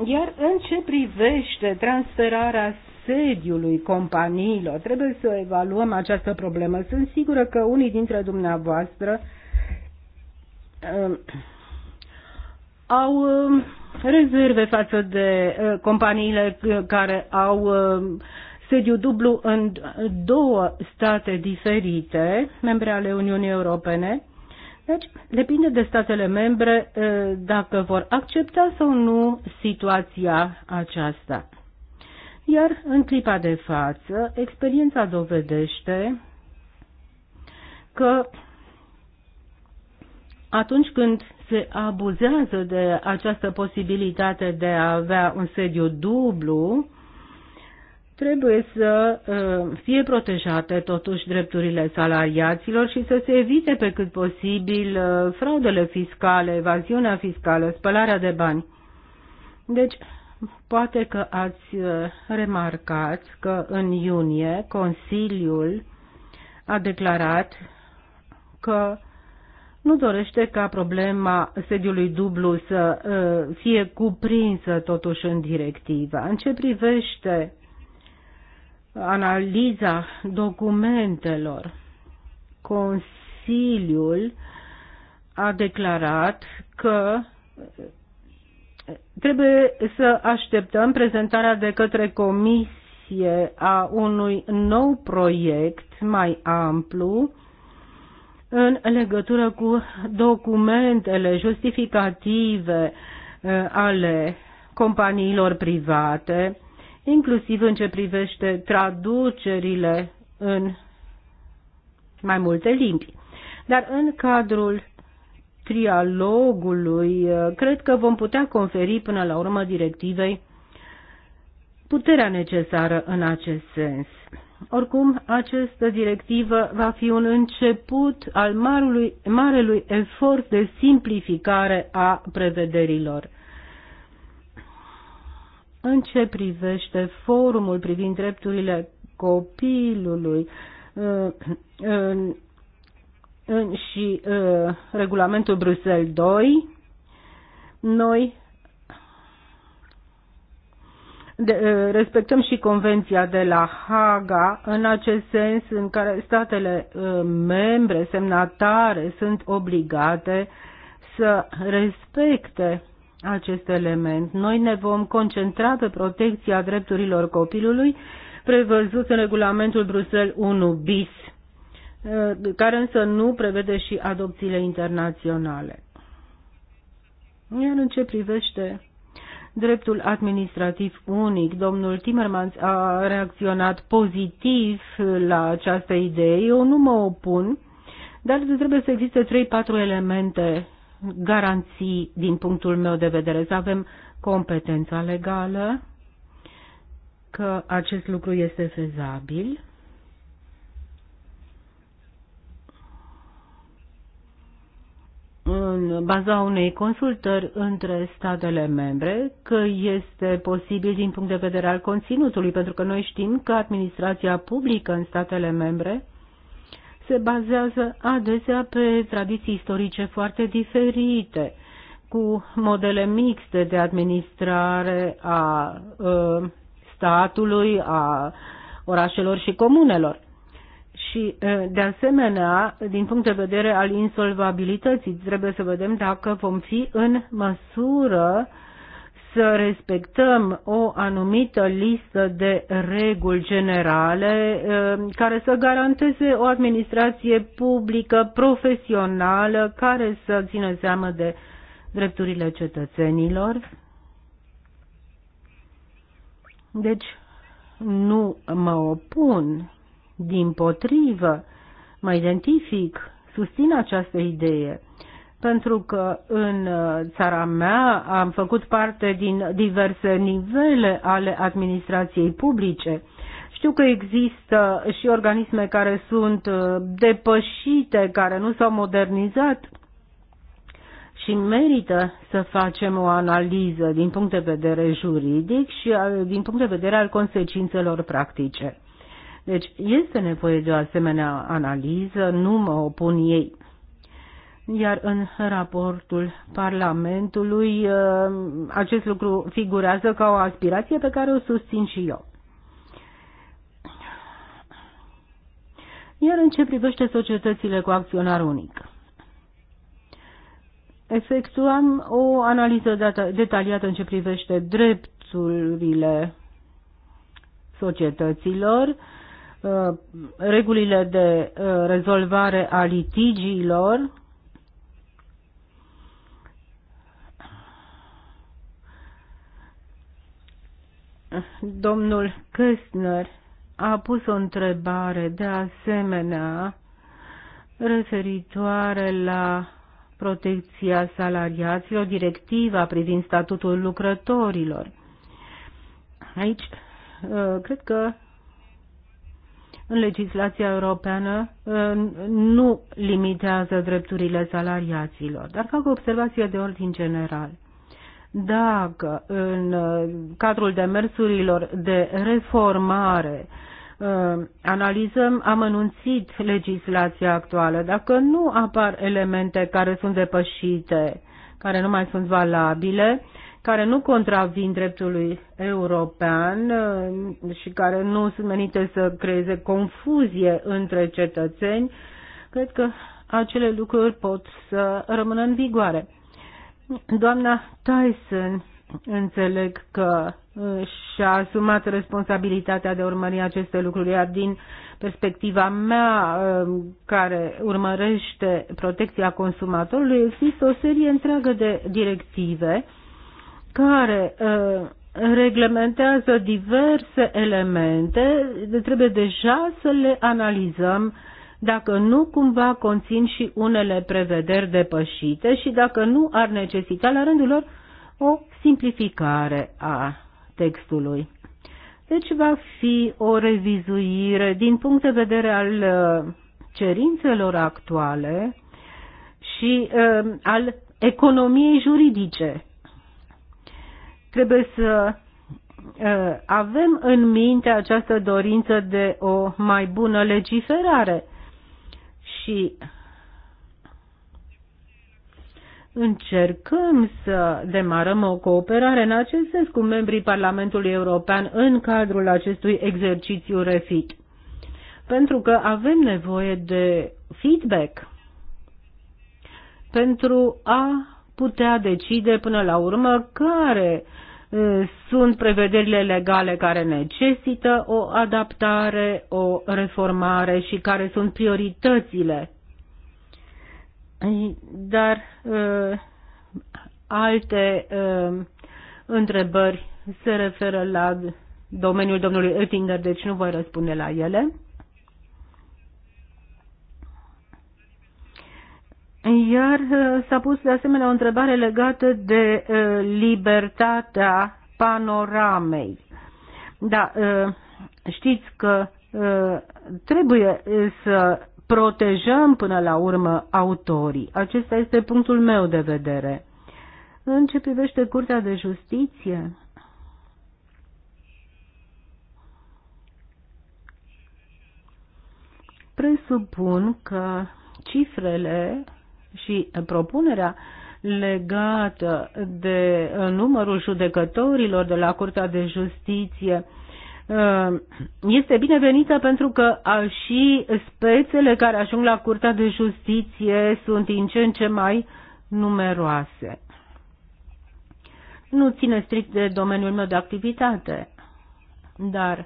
Iar în ce privește transferarea sediului companiilor. Trebuie să evaluăm această problemă. Sunt sigură că unii dintre dumneavoastră uh, au uh, rezerve față de uh, companiile uh, care au uh, sediu dublu în două state diferite, membre ale Uniunii Europene. Deci, depinde de statele membre uh, dacă vor accepta sau nu situația aceasta. Iar în clipa de față, experiența dovedește că atunci când se abuzează de această posibilitate de a avea un sediu dublu, trebuie să uh, fie protejate totuși drepturile salariaților și să se evite pe cât posibil uh, fraudele fiscale, evaziunea fiscală, spălarea de bani. Deci, Poate că ați uh, remarcat că în iunie Consiliul a declarat că nu dorește ca problema sediului dublu să uh, fie cuprinsă totuși în directiva. În ce privește analiza documentelor, Consiliul a declarat că Trebuie să așteptăm prezentarea de către comisie a unui nou proiect mai amplu în legătură cu documentele justificative uh, ale companiilor private, inclusiv în ce privește traducerile în mai multe limbi. Dar în cadrul trialogului, uh, cred că vom putea conferi până la urmă directivei puterea necesară în acest sens. Oricum, această directivă va fi un început al marului, marelui efort de simplificare a prevederilor. În ce privește forumul privind drepturile copilului, uh, uh, și uh, regulamentul Bruxelles 2, noi de, uh, respectăm și Convenția de la Haga în acest sens în care statele uh, membre semnatare sunt obligate să respecte acest element. Noi ne vom concentra pe protecția drepturilor copilului prevăzut în regulamentul Bruxelles 1 bis Eh, care însă nu prevede și adopțiile internaționale. Iar în ce privește dreptul administrativ unic, domnul Timmermans a reacționat pozitiv la această idee. Eu nu mă opun, dar trebuie să existe 3-4 elemente garanții din punctul meu de vedere. Să avem competența legală, că acest lucru este fezabil, în baza unei consultări între statele membre, că este posibil din punct de vedere al conținutului, pentru că noi știm că administrația publică în statele membre se bazează adesea pe tradiții istorice foarte diferite, cu modele mixte de administrare a ă, statului, a orașelor și comunelor. Și, de asemenea, din punct de vedere al insolvabilității, trebuie să vedem dacă vom fi în măsură să respectăm o anumită listă de reguli generale care să garanteze o administrație publică, profesională, care să țină seamă de drepturile cetățenilor. Deci, nu mă opun din potrivă, mă identific, susțin această idee pentru că în uh, țara mea am făcut parte din diverse nivele ale administrației publice. Știu că există și organisme care sunt uh, depășite, care nu s-au modernizat și merită să facem o analiză din punct de vedere juridic și uh, din punct de vedere al consecințelor practice. Deci este nevoie de o asemenea analiză, nu mă opun ei. Iar în raportul Parlamentului uh, acest lucru figurează ca o aspirație pe care o susțin și eu. Iar în ce privește societățile cu acționar unic? Efectuam o analiză detaliată în ce privește drepturile societăților Uh, regulile de uh, rezolvare a litigiilor Domnul Kestner a pus o întrebare de asemenea referitoare la protecția salariaților, directiva privind statutul lucrătorilor. Aici uh, cred că în legislația europeană ă, nu limitează drepturile salariaților, dar fac o observație de ordin general. Dacă în ă, cadrul demersurilor de reformare ă, analizăm amănunțit legislația actuală, dacă nu apar elemente care sunt depășite, care nu mai sunt valabile, care nu contravin dreptului european uh, și care nu sunt menite să creeze confuzie între cetățeni, cred că acele lucruri pot să rămână în vigoare. Doamna Tyson, înțeleg că uh, și-a asumat responsabilitatea de a urmări aceste lucruri, iar din perspectiva mea, uh, care urmărește protecția consumatorului, există o serie întreagă de directive care uh, reglementează diverse elemente, trebuie deja să le analizăm dacă nu cumva conțin și unele prevederi depășite și dacă nu ar necesita la rândul lor o simplificare a textului. Deci va fi o revizuire din punct de vedere al uh, cerințelor actuale și uh, al economiei juridice Trebuie să ă, avem în minte această dorință de o mai bună legiferare și încercăm să demarăm o cooperare în acest sens cu membrii Parlamentului European în cadrul acestui exercițiu refit. Pentru că avem nevoie de feedback pentru a putea decide până la urmă care sunt prevederile legale care necesită o adaptare, o reformare și care sunt prioritățile. Dar alte întrebări se referă la domeniul domnului Oettinger, deci nu voi răspunde la ele. Iar uh, s-a pus de asemenea o întrebare legată de uh, libertatea panoramei. Da, uh, știți că trebuie să protejăm până la urmă autorii. Acesta este punctul meu de vedere. În ce privește Curtea de Justiție, presupun că cifrele și propunerea legată de uh, numărul judecătorilor de la Curtea de Justiție uh, este binevenită pentru că și spețele care ajung la Curtea de Justiție sunt din ce în ce mai numeroase. Nu ține strict de domeniul meu de activitate, dar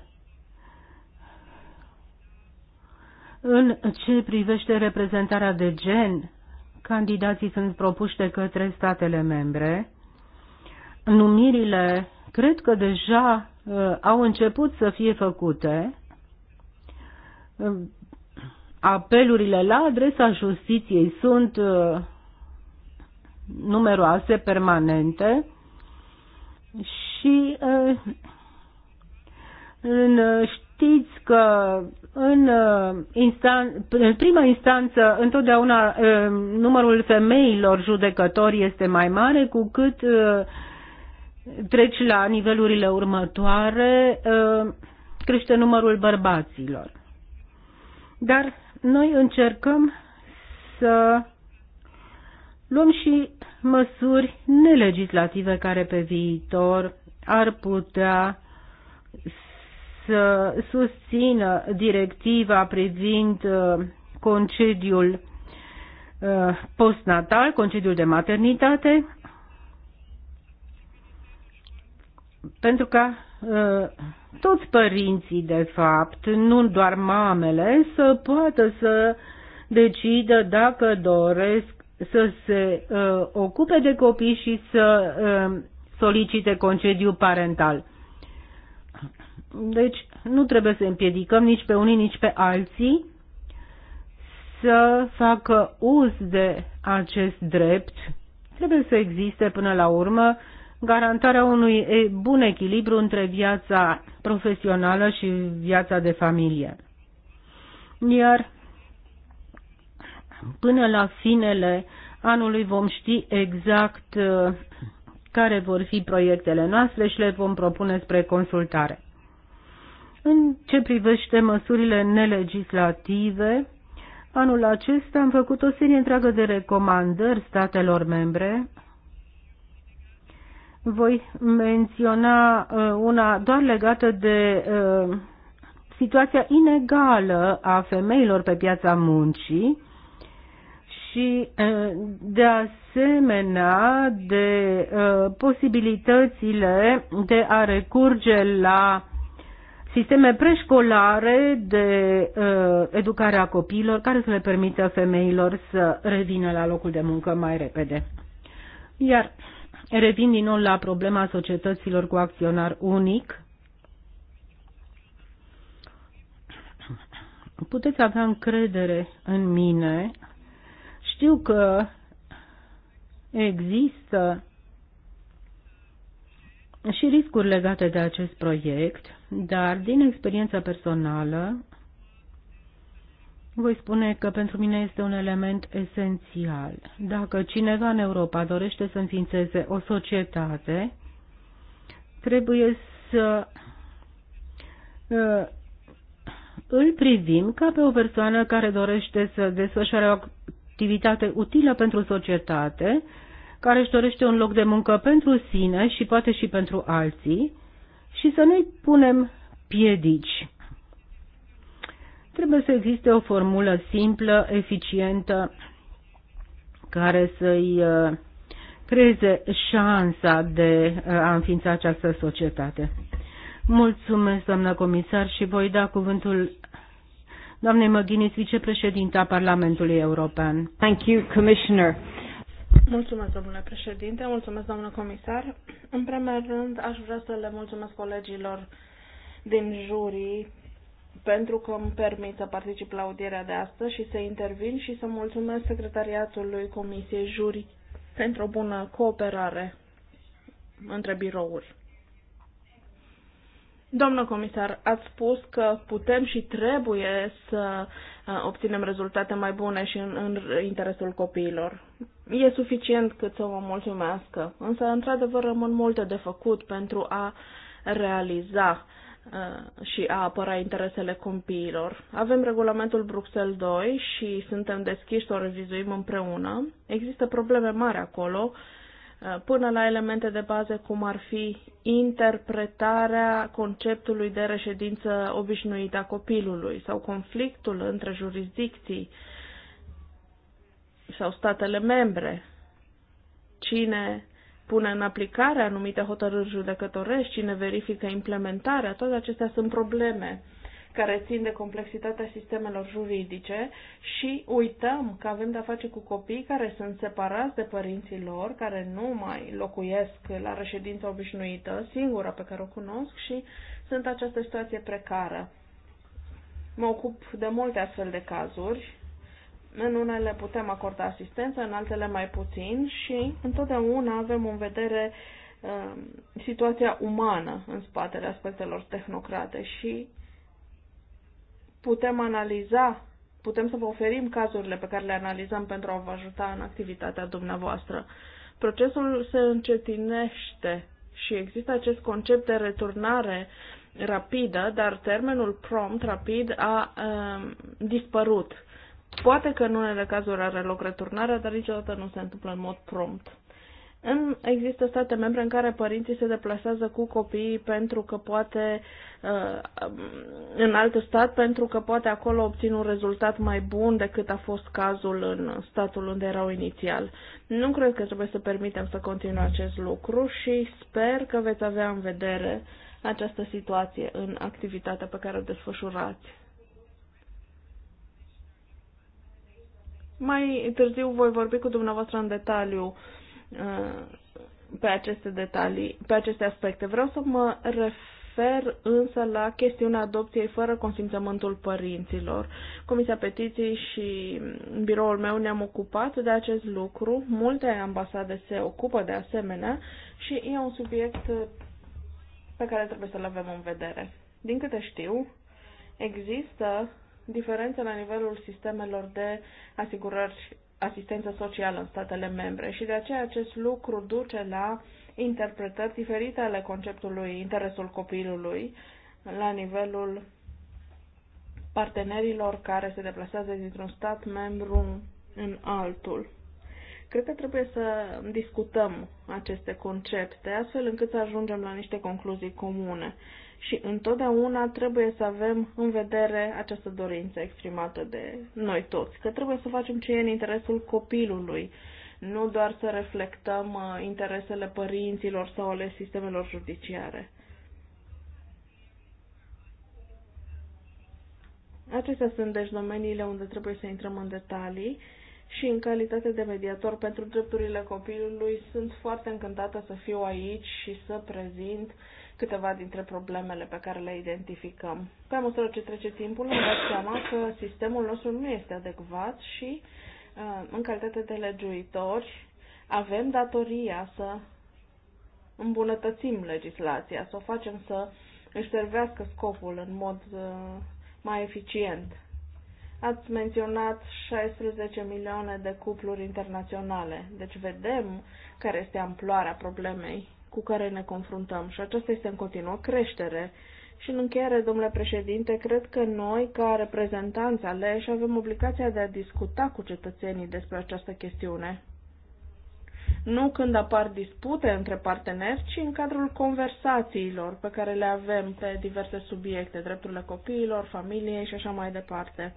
în ce privește reprezentarea de gen, candidații sunt propuși de către statele membre. Numirile cred că deja uh, au început să fie făcute. Uh, apelurile la adresa justiției sunt uh, numeroase, permanente și în știți că în, uh, instan- în prima instanță întotdeauna uh, numărul femeilor judecători este mai mare cu cât uh, treci la nivelurile următoare crește numărul bărbaților. Dar noi încercăm să luăm și măsuri nelegislative care pe viitor ar putea să susțină directiva privind uh, concediul uh, postnatal, concediul de maternitate, pentru că uh, toți părinții, de fapt, nu doar mamele, să poată să decidă dacă doresc să se uh, ocupe de copii și să uh, solicite concediu parental. Deci nu trebuie să împiedicăm nici pe unii, nici pe alții să facă uz de acest drept. Trebuie să existe până la urmă garantarea unui bun echilibru între viața profesională și viața de familie. Iar până la finele anului vom ști exact uh, care vor fi proiectele noastre și le vom propune spre consultare. În ce privește măsurile nelegislative, anul acesta am făcut o serie întreagă de recomandări statelor membre. Voi menționa uh, una doar legată de uh, situația inegală a femeilor pe piața muncii și uh, de asemenea de posibilitățile de a recurge la sisteme preșcolare de uh, educare a copiilor care să le permită femeilor să revină la locul de muncă mai repede. Iar revin din nou la problema societăților cu acționar unic. Puteți avea încredere în mine. Știu că există și riscuri legate de acest proiect dar din experiența personală voi spune că pentru mine este un element esențial. Dacă cineva în Europa dorește să înființeze o societate, trebuie să uh, îl privim ca pe o persoană care dorește să desfășoare o activitate utilă pentru societate, care își dorește un loc de muncă pentru sine și poate și pentru alții, și să nu-i punem piedici. Trebuie să existe o formulă simplă, eficientă, care să-i uh, creeze șansa de uh, a înființa această societate. Mulțumesc, doamna comisar, și voi da cuvântul doamnei Măghinis, vicepreședinta Parlamentului European. Thank you, Commissioner. Mulțumesc, domnule președinte, mulțumesc, domnule comisar. În primul rând, aș vrea să le mulțumesc colegilor din jurii pentru că îmi permit să particip la audierea de astăzi și să intervin și să mulțumesc secretariatului Comisiei Juri pentru o bună cooperare între birouri. Domnul comisar, ați spus că putem și trebuie să uh, obținem rezultate mai bune și în, în interesul copiilor. E suficient cât să vă mulțumească, însă, într-adevăr, rămân multe de făcut pentru a realiza uh, și a apăra interesele copiilor. Avem regulamentul Bruxelles 2 și suntem deschiși să o revizuim împreună. Există probleme mari acolo Eh, până la elemente de bază cum ar fi interpretarea conceptului de reședință obișnuită a copilului sau conflictul între jurisdicții sau statele membre. Cine pune în aplicare anumite hotărâri judecătorești, cine verifică implementarea, toate acestea sunt probleme care țin de complexitatea sistemelor juridice și uităm că avem de-a face cu copii care sunt separați de părinții lor, care nu mai locuiesc la reședința obișnuită, singura pe care o cunosc și sunt această situație precară. Mă ocup de multe astfel de cazuri. În unele putem acorda asistență, în altele mai puțin și întotdeauna avem în vedere uh, situația umană în spatele aspectelor tehnocrate și putem analiza, putem să vă oferim cazurile pe care le analizăm pentru a vă ajuta în activitatea dumneavoastră. Procesul se încetinește și există acest concept de returnare rapidă, dar termenul prompt rapid a um, dispărut. Poate că în unele cazuri are loc returnarea, dar niciodată nu se întâmplă în mod prompt. În, există state membre în care părinții se deplasează cu copiii pentru că poate uh, în alt stat, pentru că poate acolo obțin un rezultat mai bun decât a fost cazul în statul unde erau inițial. Nu cred că trebuie să permitem să continuă acest lucru și sper că veți avea în vedere această situație în activitatea pe care o desfășurați. Mai târziu voi vorbi cu dumneavoastră în detaliu Uh, pe aceste detalii, pe aceste aspecte. Vreau să mă refer însă la chestiunea adopției fără consimțământul părinților. Comisia Petiției și biroul meu ne-am ocupat de acest lucru. Multe ambasade se ocupă de asemenea și e un subiect pe care trebuie să-l avem în vedere. Din câte știu, există diferențe la nivelul sistemelor de asigurări asistență socială în statele membre și de aceea acest lucru duce la interpretări diferite ale conceptului interesul copilului la nivelul partenerilor care se deplasează dintr-un stat membru în altul. Cred că trebuie să discutăm aceste concepte astfel încât să ajungem la niște concluzii comune și întotdeauna trebuie să avem în vedere această dorință exprimată de noi toți, că trebuie să facem ce e în interesul copilului, nu doar să reflectăm uh, interesele părinților sau ale sistemelor judiciare. Acestea sunt deci domeniile unde trebuie să intrăm în detalii și în calitate de mediator pentru drepturile copilului sunt foarte încântată să fiu aici și să prezint uh, câteva dintre problemele pe care le identificăm. Pe măsură ce trece timpul, îmi dau seama că sistemul nostru nu este adecvat și, uh, în calitate de legiuitori, avem datoria să îmbunătățim legislația, să o facem să își servească scopul în mod uh, mai eficient. Ați menționat 16 milioane de cupluri internaționale, deci vedem care este amploarea problemei cu care ne confruntăm și aceasta este în continuă creștere. Și în încheiere, domnule președinte, cred că noi, ca reprezentanți aleși, avem obligația de a discuta cu cetățenii despre această chestiune. Nu când apar dispute între parteneri, ci în cadrul conversațiilor pe care le avem pe diverse subiecte, drepturile copiilor, familiei și așa mai departe.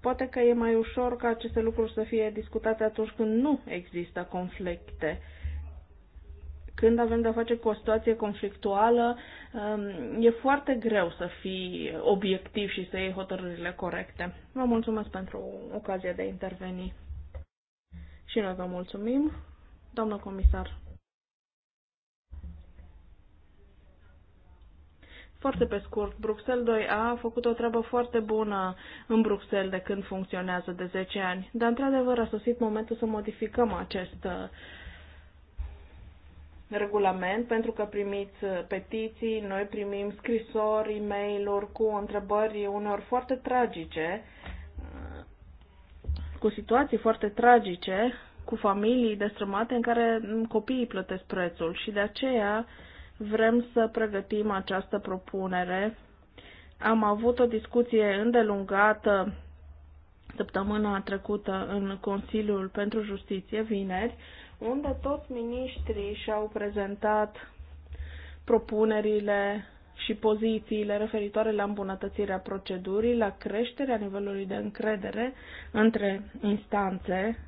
Poate că e mai ușor ca aceste lucruri să fie discutate atunci când nu există conflicte când avem de-a face cu o situație conflictuală, um, e foarte greu să fii obiectiv și să iei hotărârile corecte. Vă mulțumesc pentru ocazia de a interveni. Și noi vă mulțumim, doamnă comisar. Foarte pe scurt, Bruxelles 2A a făcut o treabă foarte bună în Bruxelles de când funcționează de 10 ani, dar într-adevăr a sosit momentul să modificăm acest uh, regulament pentru că primiți petiții, noi primim scrisori, e mail cu întrebări uneori foarte tragice, cu situații foarte tragice, cu familii destrămate în care copiii plătesc prețul și de aceea vrem să pregătim această propunere. Am avut o discuție îndelungată săptămâna trecută în Consiliul pentru Justiție, vineri, unde toți miniștrii și-au prezentat propunerile și pozițiile referitoare la îmbunătățirea procedurii, la creșterea nivelului de încredere între instanțe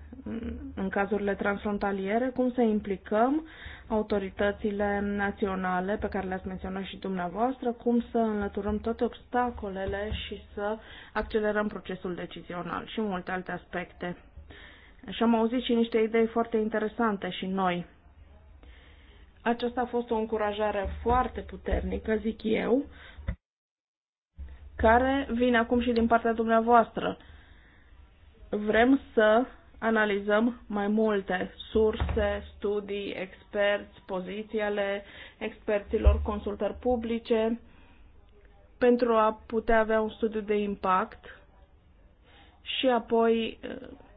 în cazurile transfrontaliere, cum să implicăm autoritățile naționale pe care le-ați menționat și dumneavoastră, cum să înlăturăm toate obstacolele și să accelerăm procesul decizional și multe alte aspecte. Și am auzit și niște idei foarte interesante și noi. Aceasta a fost o încurajare foarte puternică, zic eu, care vine acum și din partea dumneavoastră. Vrem să analizăm mai multe surse, studii, experți, poziții ale experților, consultări publice, pentru a putea avea un studiu de impact și apoi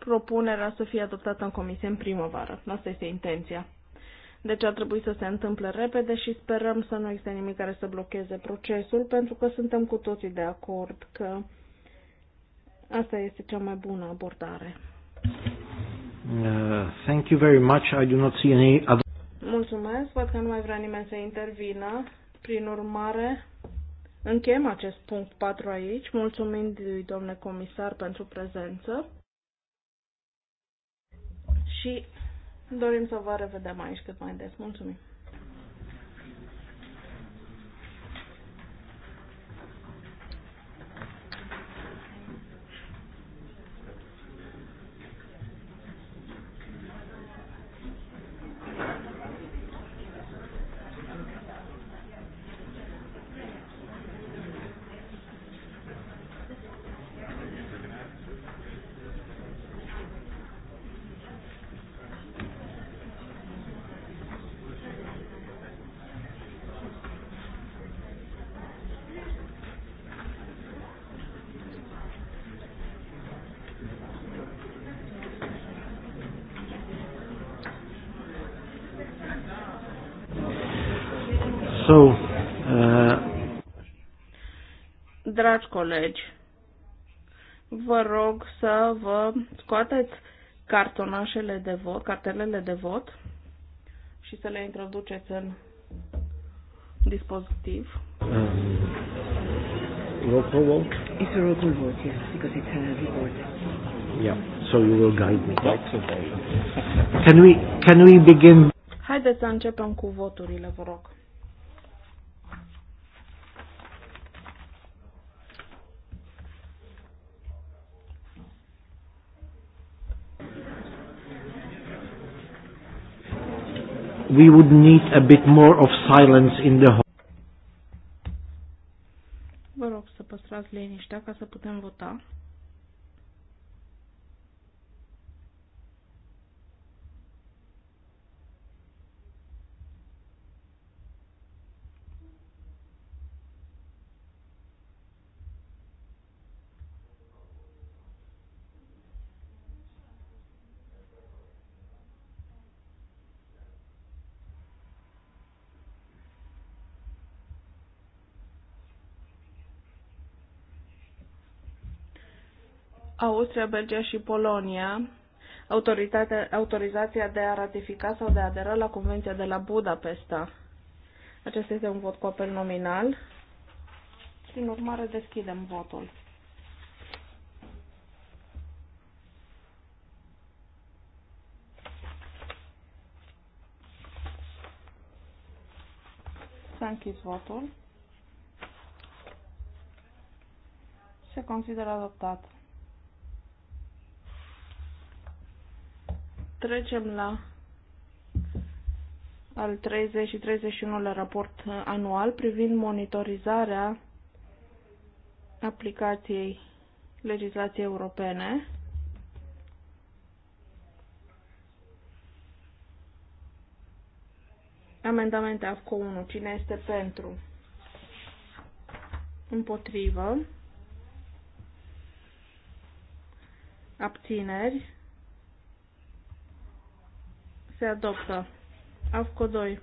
propunerea să fie adoptată în comisie în primăvară. Asta este intenția. Deci ar trebui să se întâmple repede și sperăm să nu existe nimic care să blocheze procesul, pentru că suntem cu toții de acord că asta este cea mai bună abordare. Uh, thank you very much. I do not see any other... Mulțumesc. Văd că nu mai vrea nimeni să intervină. Prin urmare, încheiem acest punct 4 aici, Mulțumim, i domnule comisar, pentru prezență și dorim să vă revedem aici cât mai des. Mulțumim! So, uh, Dragi colegi, vă rog să vă scoateți cartonașele de vot, cartelele de vot și să le introduceți în dispozitiv. Um, roll call vote? It's a roll call vote, yes, because it's a report. Yeah, so you will guide me. Right? Can we, can we begin? Haideți să începem cu voturile, vă rog. we would need a bit more of silence in the hall. Vă rog să păstrați liniștea ca să putem vota. Austria, Belgia și Polonia autorizația de a ratifica sau de a adera la Convenția de la Budapesta. Acesta este un vot cu apel nominal. Prin urmare, deschidem votul. S-a închis votul. Se consideră adoptat. Trecem la al 30 și 31-lea raport uh, anual privind monitorizarea aplicației legislației europene. Amendamente AFCO 1. Cine este pentru? Împotrivă. Abțineri. Se adoptă. AFCO 2.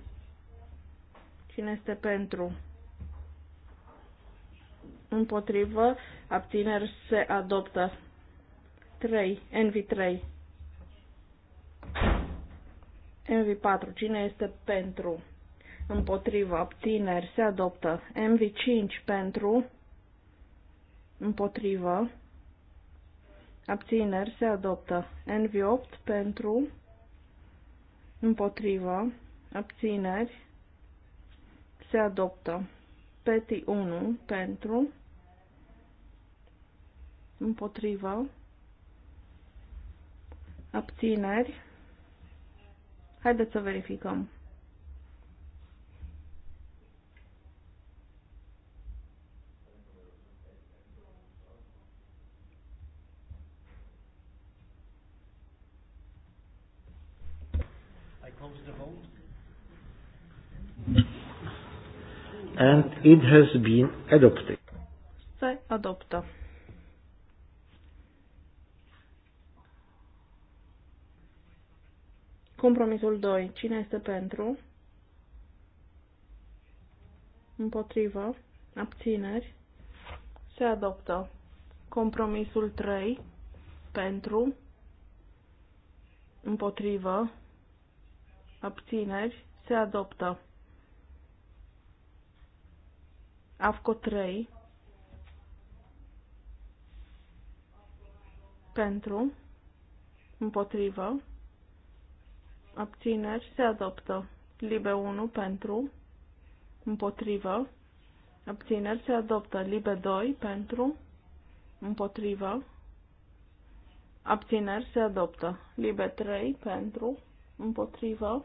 Cine este pentru? Împotrivă. Abțineri se adoptă. 3. Envi 3. Envi 4. Cine este pentru? Împotrivă. Abțineri se adoptă. Envi 5 pentru. Împotrivă. Abțineri se adoptă. NV8 pentru împotrivă, abțineri, se adoptă. Peti 1 pentru, împotrivă, abțineri. Haideți să verificăm. and it has been adopted. Se adoptă. Compromisul 2. Cine este pentru? Împotrivă. Abțineri. Se adoptă. Compromisul 3. Pentru. Împotrivă. Abțineri. Se adoptă. AFCO 3 pentru, împotrivă, abțineri, se adoptă. Libe 1 pentru, împotrivă, abțineri, se adoptă. Libe 2 pentru, împotrivă, abțineri, se adoptă. Libe 3 pentru, împotrivă,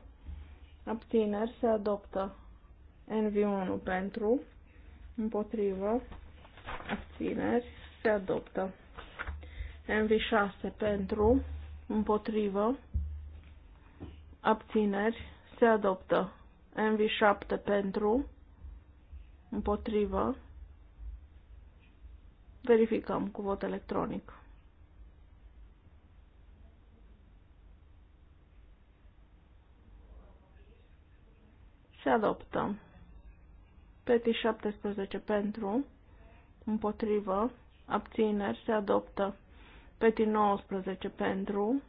abțineri, se adoptă. NV1 pentru, împotrivă, abțineri, se adoptă. MV6 pentru, împotrivă, abțineri, se adoptă. MV7 pentru, împotrivă, verificăm cu vot electronic. Se adoptă. Peti 17 pentru, împotrivă, abțineri, se adoptă. Peti 19 pentru,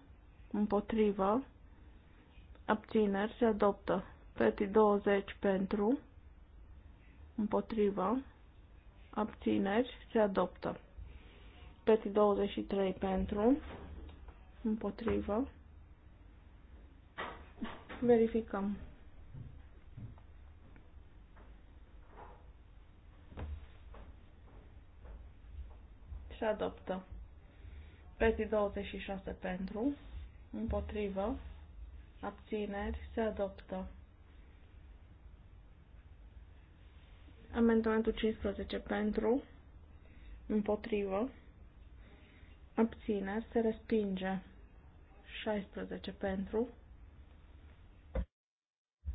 împotrivă, abțineri, se adoptă. Peti 20 pentru, împotrivă, abțineri, se adoptă. Peti 23 pentru, împotrivă, verificăm. se adoptă. Peti 26 pentru, împotrivă, abțineri, se adoptă. Amendamentul 15 pentru, împotrivă, abțineri, se respinge. 16 pentru,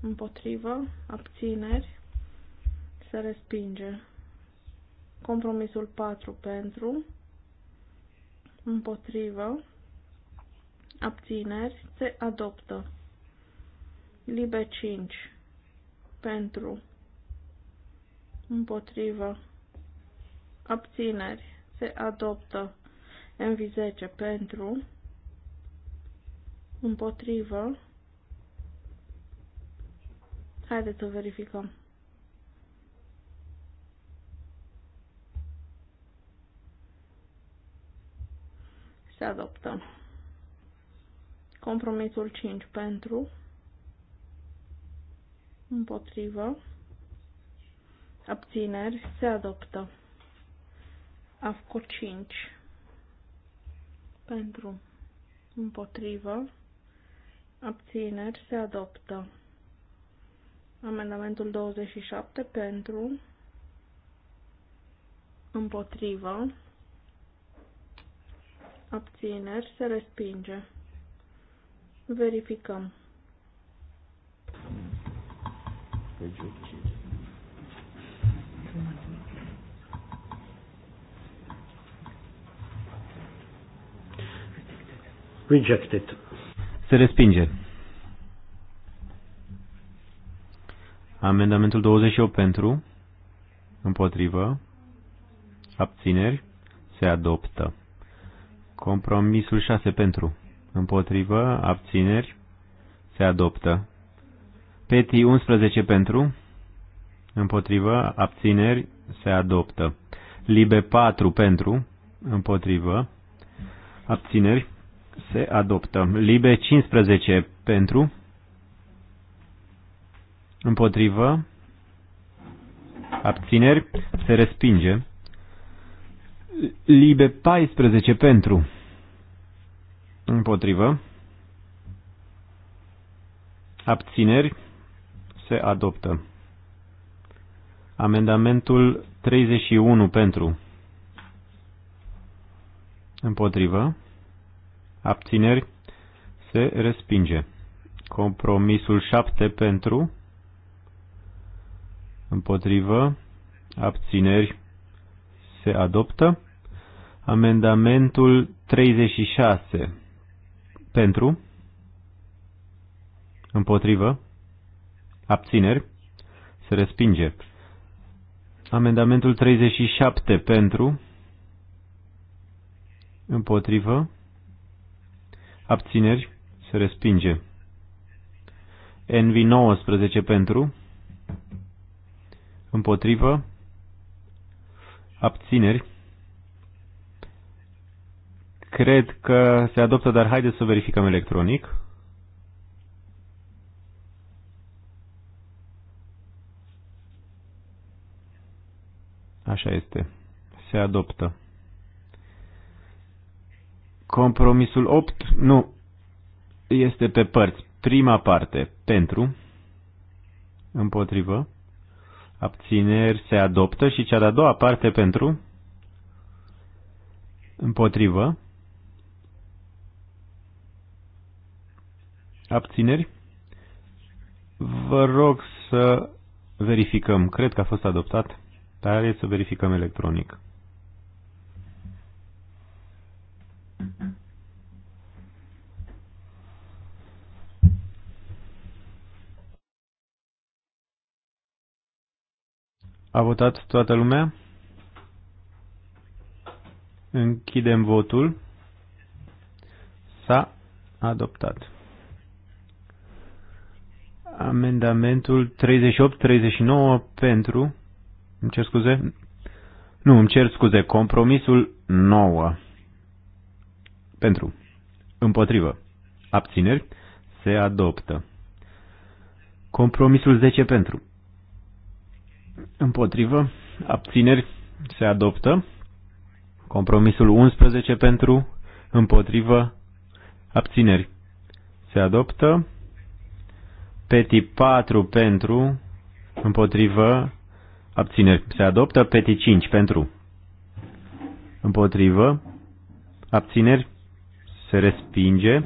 împotrivă, abțineri, se respinge. Compromisul 4 pentru, împotrivă, abțineri, se adoptă. Libe 5 pentru, împotrivă, abțineri, se adoptă. MV10 pentru, împotrivă. Haideți să verificăm. Se adoptă. Compromisul 5 pentru. Împotrivă. Abțineri. Se adoptă. AFCO 5 pentru. Împotrivă. Abțineri. Se adoptă. Amendamentul 27 pentru. Împotrivă abțineri, se respinge. Verificăm. Rejected. Se respinge. Amendamentul 28 pentru, împotrivă, abțineri, se adoptă. Compromisul 6 pentru. Împotrivă, abțineri, se adoptă. Peti 11 pentru. Împotrivă, abțineri, se adoptă. Libe 4 pentru. Împotrivă, abțineri, se adoptă. Libe 15 pentru. Împotrivă, abțineri, se respinge. Libe 14 pentru. Împotrivă. Abțineri. Se adoptă. Amendamentul 31 pentru. Împotrivă. Abțineri. Se respinge. Compromisul 7 pentru. Împotrivă. Abțineri se adoptă. Amendamentul 36 pentru, împotrivă, abțineri, se respinge. Amendamentul 37 pentru, împotrivă, abțineri, se respinge. Envi 19 pentru, împotrivă, abțineri. Cred că se adoptă, dar haideți să verificăm electronic. Așa este. Se adoptă. Compromisul 8, nu, este pe părți. Prima parte, pentru, împotrivă, abțineri se adoptă și cea de-a doua parte pentru, împotrivă, abțineri. Vă rog să verificăm. Cred că a fost adoptat, dar e să verificăm electronic. Mm-hmm. A votat toată lumea? Închidem votul. S-a adoptat. Amendamentul 38-39 pentru... Îmi cer scuze? Nu, îmi cer scuze. Compromisul 9. Pentru. Împotrivă. Abțineri. Se adoptă. Compromisul 10 pentru împotrivă, abțineri, se adoptă. Compromisul 11 pentru, împotrivă, abțineri, se adoptă. Peti 4 pentru, împotrivă, abțineri, se adoptă. Peti 5 pentru, împotrivă, abțineri, se respinge.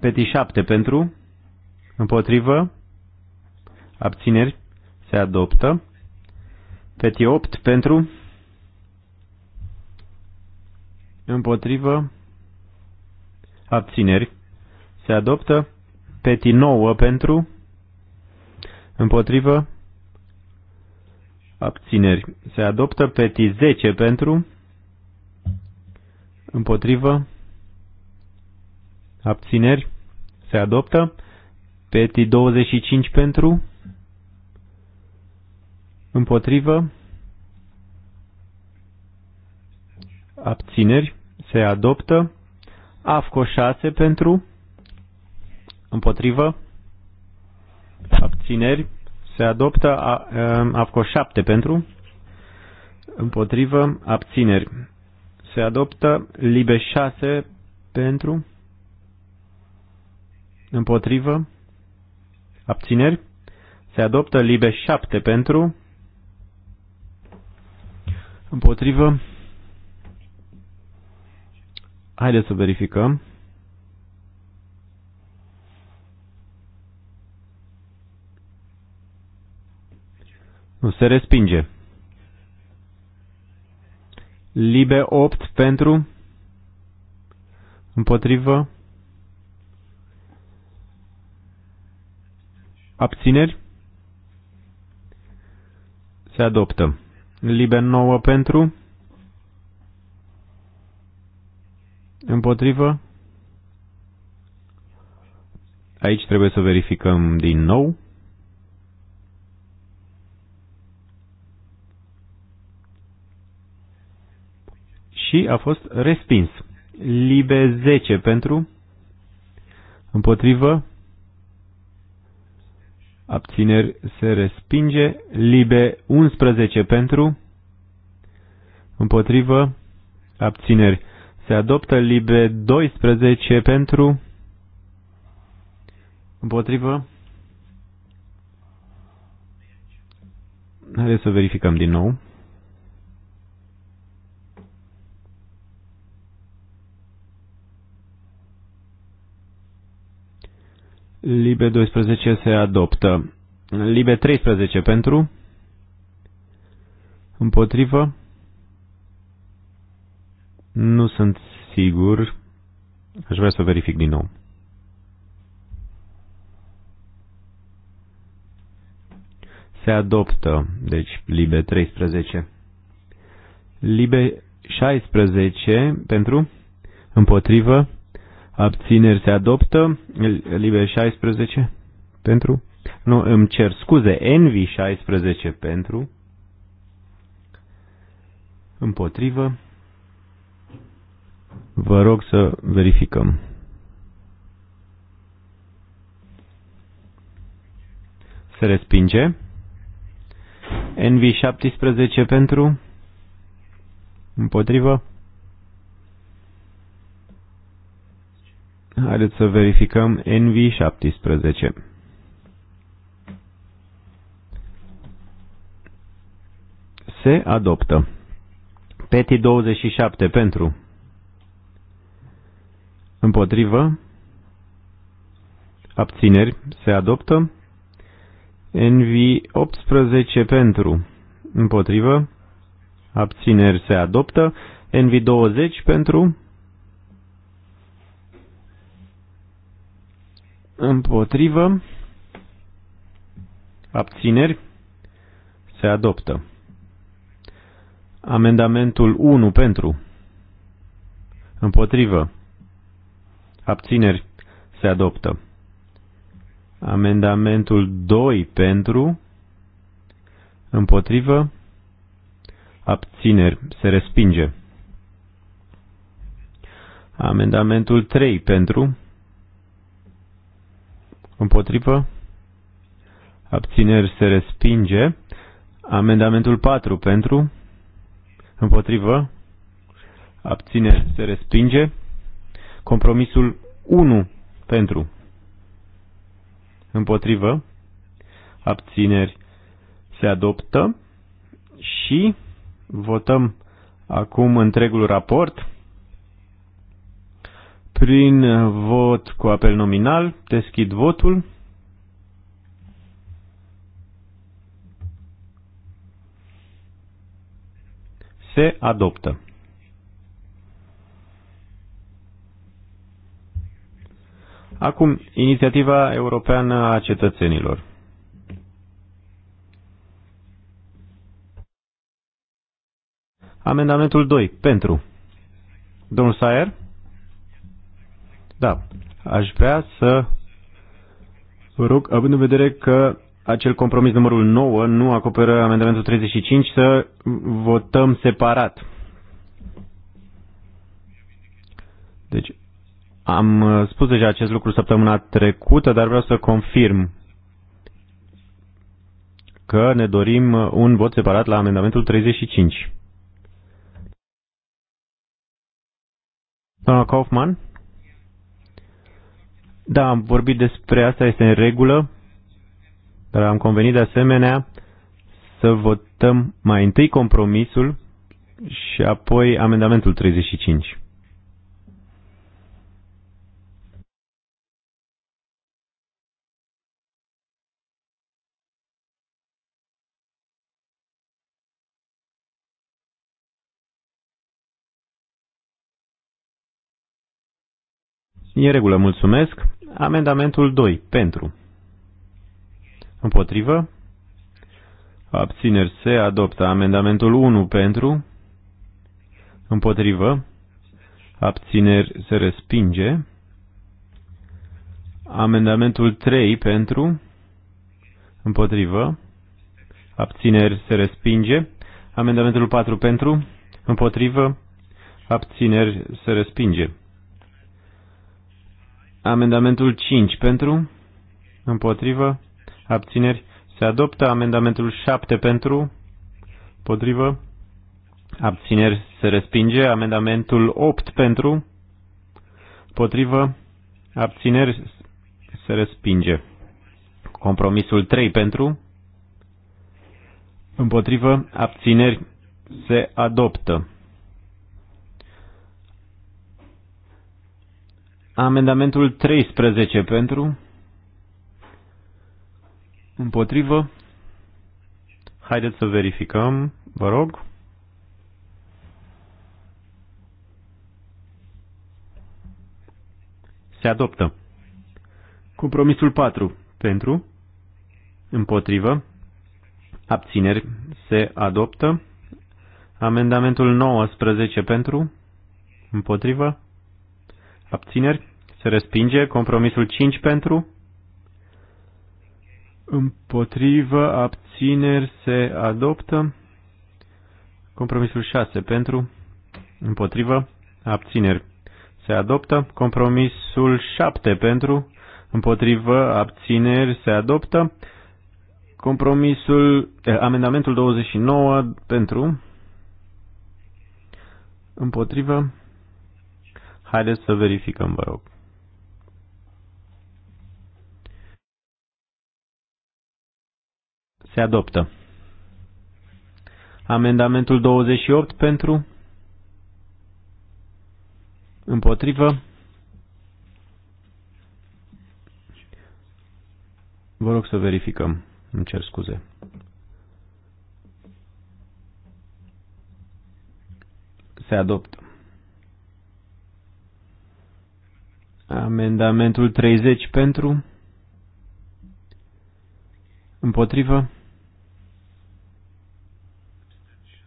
Peti 7 pentru, împotrivă, abțineri, se adoptă. Peti 8 pentru, împotrivă, abțineri, se adoptă. Peti 9 pentru, împotrivă, abțineri, se adoptă. Peti 10 pentru, împotrivă, abțineri, se adoptă. Peti 25 pentru, Împotrivă. Abțineri. Se adoptă. AFCO 6 pentru. Împotrivă. Abțineri. Se adoptă um, AFCO 7 pentru. Împotrivă. Abțineri. Se adoptă LIBE 6 pentru. Împotrivă. Abțineri. Se adoptă LIBE 7 pentru. Împotrivă. Haideți să verificăm. Nu, se respinge. Libe 8 pentru. Împotrivă. Abțineri? Se adoptă. Liber nouă pentru. Împotrivă. Aici trebuie să verificăm din nou. Și a fost respins. Libe 10 pentru. Împotrivă abțineri se respinge, libe 11 pentru, împotrivă, abțineri se adoptă, libe 12 pentru, împotrivă, haideți să verificăm din nou. Libe 12 se adoptă. Libe 13 pentru? Împotrivă? Nu sunt sigur. Aș vrea să verific din nou. Se adoptă, deci Libe 13. Libe 16 pentru? Împotrivă? abțineri se adoptă, liber 16 pentru, nu, îmi cer scuze, Envy 16 pentru, împotrivă, vă rog să verificăm. Se respinge. NV17 pentru, împotrivă, Haideți să verificăm NV17. Se adoptă. Peti 27 pentru. Împotrivă. Abțineri. Se adoptă. NV 18 pentru. Împotrivă. Abțineri se adoptă. NV 20 pentru. împotrivă, abțineri, se adoptă. Amendamentul 1 pentru, împotrivă, abțineri, se adoptă. Amendamentul 2 pentru, împotrivă, abțineri, se respinge. Amendamentul 3 pentru, împotrivă, Împotrivă? Abțineri se respinge. Amendamentul 4 pentru. Împotrivă? Abțineri se respinge. Compromisul 1 pentru. Împotrivă? Abțineri se adoptă. Și votăm acum întregul raport prin vot cu apel nominal. Deschid votul. Se adoptă. Acum, inițiativa europeană a cetățenilor. Amendamentul 2. Pentru. Domnul Sayer? Da, aș vrea să vă rog, având în vedere că acel compromis numărul 9 nu acoperă amendamentul 35, să votăm separat. Deci, am spus deja acest lucru săptămâna trecută, dar vreau să confirm că ne dorim un vot separat la amendamentul 35. Doamna Kaufmann? Da, am vorbit despre asta, este în regulă, dar am convenit de asemenea să votăm mai întâi compromisul și apoi amendamentul 35. E regulă, mulțumesc. Amendamentul 2. Pentru. Împotrivă. Abțineri se adoptă. Amendamentul 1. Pentru. Împotrivă. Abțineri se respinge. Amendamentul 3. Pentru. Împotrivă. Abțineri se respinge. Amendamentul 4 pentru. Împotrivă. Abțineri se respinge. Amendamentul 5 pentru, împotrivă, abțineri. Se adoptă amendamentul 7 pentru, împotrivă, abțineri. Se respinge amendamentul 8 pentru, împotrivă, abțineri. Se respinge. Compromisul 3 pentru, împotrivă, abțineri. Se adoptă. Amendamentul 13 pentru. Împotrivă. Haideți să verificăm, vă rog. Se adoptă. Compromisul 4. Pentru. Împotrivă. Abțineri. Se adoptă. Amendamentul 19 pentru. Împotrivă abțineri, se respinge. Compromisul 5 pentru, împotrivă, abțineri, se adoptă. Compromisul 6 pentru, împotrivă, abțineri, se adoptă. Compromisul 7 pentru, împotrivă, abțineri, se adoptă. Compromisul, eh, amendamentul 29 pentru, împotrivă, Haideți să verificăm, vă rog. Se adoptă. Amendamentul 28 pentru? Împotrivă? Vă rog să verificăm. Îmi cer scuze. Se adoptă. Amendamentul 30 pentru. Împotrivă.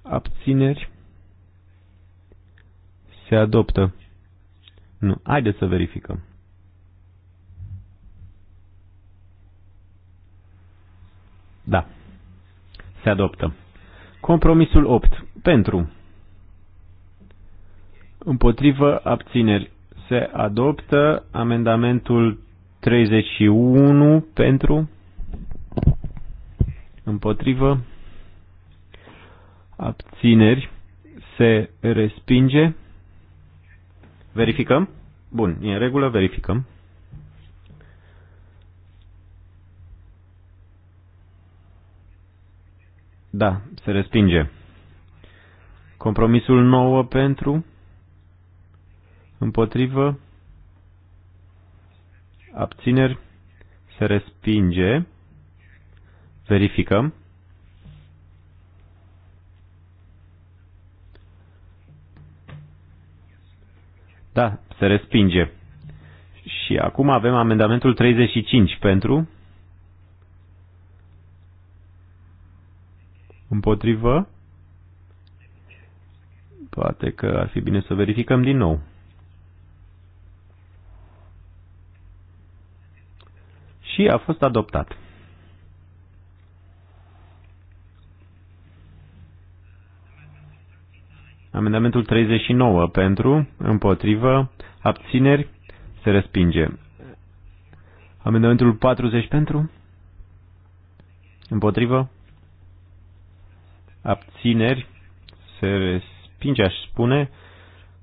Abțineri. Se adoptă. Nu. Haideți să verificăm. Da. Se adoptă. Compromisul 8. Pentru. Împotrivă abțineri se adoptă amendamentul 31 pentru, împotrivă, abțineri, se respinge. Verificăm? Bun, e în regulă, verificăm. Da, se respinge. Compromisul 9 pentru, împotrivă, abțineri, se respinge, verificăm. Da, se respinge. Și acum avem amendamentul 35 pentru, împotrivă, poate că ar fi bine să verificăm din nou. și a fost adoptat. Amendamentul 39 pentru, împotrivă, abțineri, se respinge. Amendamentul 40 pentru, împotrivă, abțineri, se respinge, aș spune,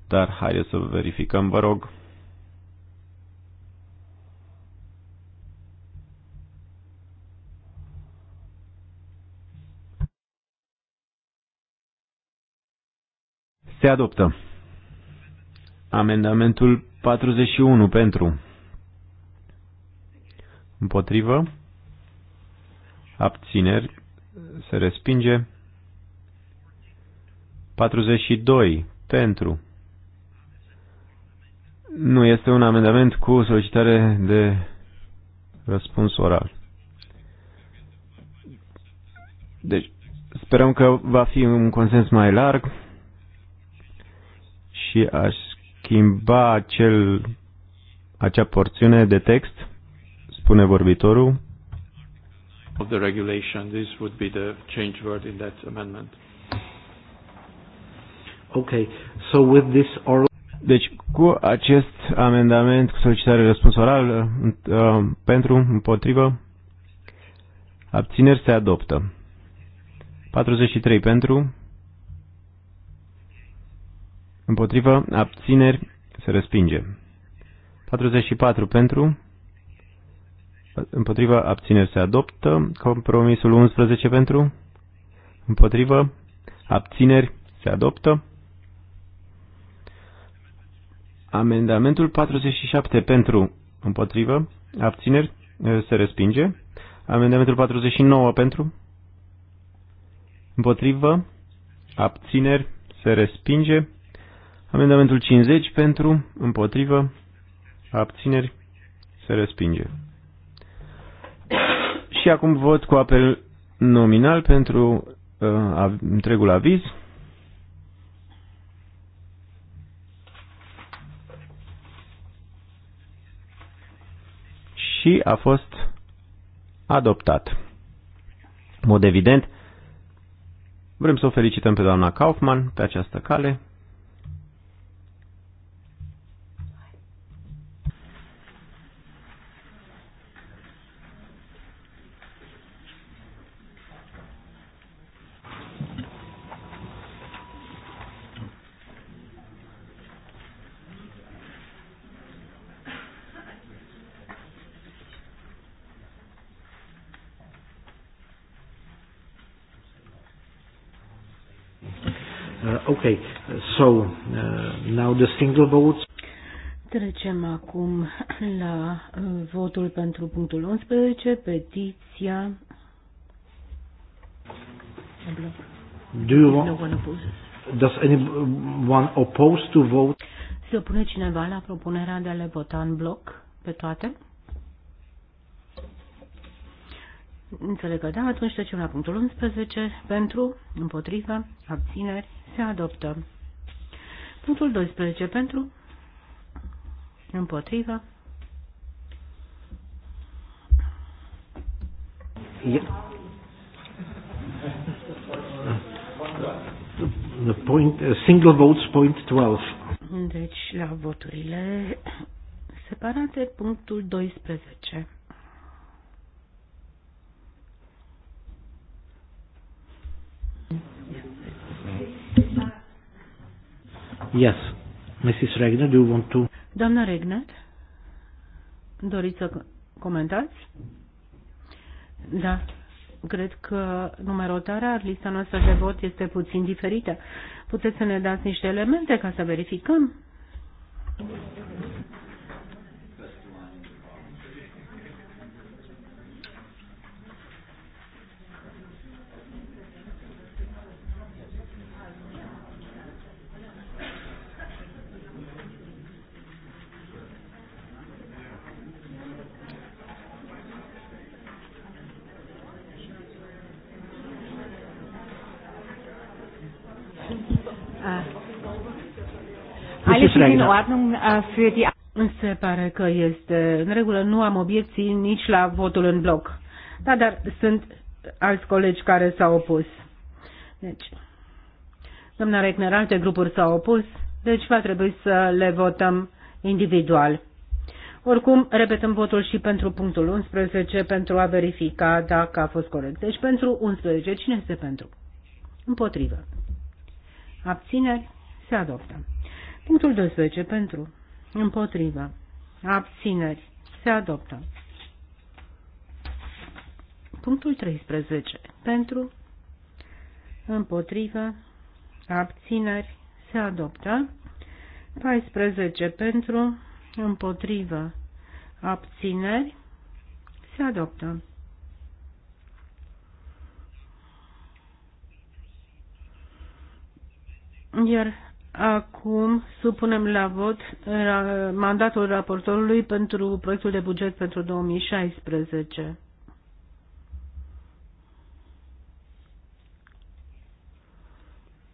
dar haideți să verificăm, vă rog. Se adoptă. Amendamentul 41 pentru. Împotrivă. Abțineri. Se respinge. 42 pentru. Nu este un amendament cu solicitare de răspuns oral. Deci, sperăm că va fi un consens mai larg și aș schimba acel, acea porțiune de text, spune vorbitorul. Of the regulation, this would be the change word in that amendment. Okay, so with this oral... Deci, cu acest amendament, cu solicitare răspuns oral, uh, uh, pentru, împotrivă, abțineri se adoptă. 43 pentru, Împotrivă, abțineri, se respinge. 44 pentru, împotrivă, abțineri, se adoptă. Compromisul 11 pentru, împotrivă, abțineri, se adoptă. Amendamentul 47 pentru, împotrivă, abțineri, se respinge. Amendamentul 49 pentru, împotrivă, abțineri, se respinge. Amendamentul 50 pentru, împotrivă, abțineri, se respinge. Și acum vot cu apel nominal pentru uh, întregul aviz. Și a fost adoptat. În mod evident, vrem să o felicităm pe doamna Kaufman pe această cale the single votes. Trecem acum la uh, votul pentru punctul 11, petiția. Do you want, does anyone oppose to vote? Se opune cineva la propunerea de a le vota în bloc pe toate? Înțeleg că da, atunci trecem la punctul 11. Pentru, împotrivă, abțineri, se adoptă. Punctul 12 pentru, împotrivă. The point, uh, single votes point 12. Deci la voturile separate punctul 12. Yes. Mrs. Regner, do you want to... Doamna Regner, doriți să comentați? Da. Cred că numerotarea, lista noastră de vot este puțin diferită. Puteți să ne dați niște elemente ca să verificăm? in Ordnung uh, für die... Se pare că este în regulă, nu am obiecții nici la votul în bloc. Da, dar sunt alți colegi care s-au opus. Deci, doamna Reckner, alte grupuri s-au opus, deci va trebui să le votăm individual. Oricum, repetăm votul și pentru punctul 11 pentru a verifica dacă a fost corect. Deci pentru 11, cine este pentru? Împotrivă. Abțineri? Se adoptă. Punctul 12 pentru Împotrivă. abțineri se adoptă. Punctul 13 pentru Împotrivă. abțineri se adoptă. 14 pentru Împotrivă. abțineri se adoptă. Iar Acum supunem la vot mandatul raportorului pentru proiectul de buget pentru 2016.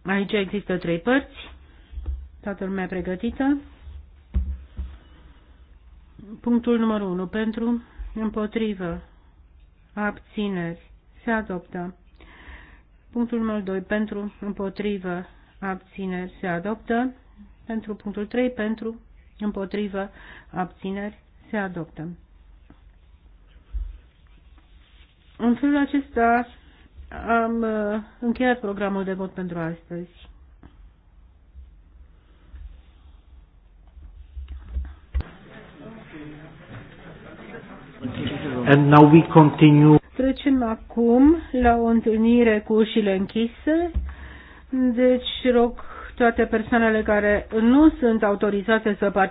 Aici există trei părți. Toată lumea pregătită. Punctul numărul 1. Pentru, împotrivă, abțineri, se adoptă. Punctul numărul 2. Pentru, împotrivă, abțineri se adoptă. Pentru punctul 3, pentru, împotrivă, abțineri se adoptă. În felul acesta am uh, încheiat programul de vot pentru astăzi. And now we continue. Trecem acum la o întâlnire cu ușile închise. Deci rog toate persoanele care nu sunt autorizate să participe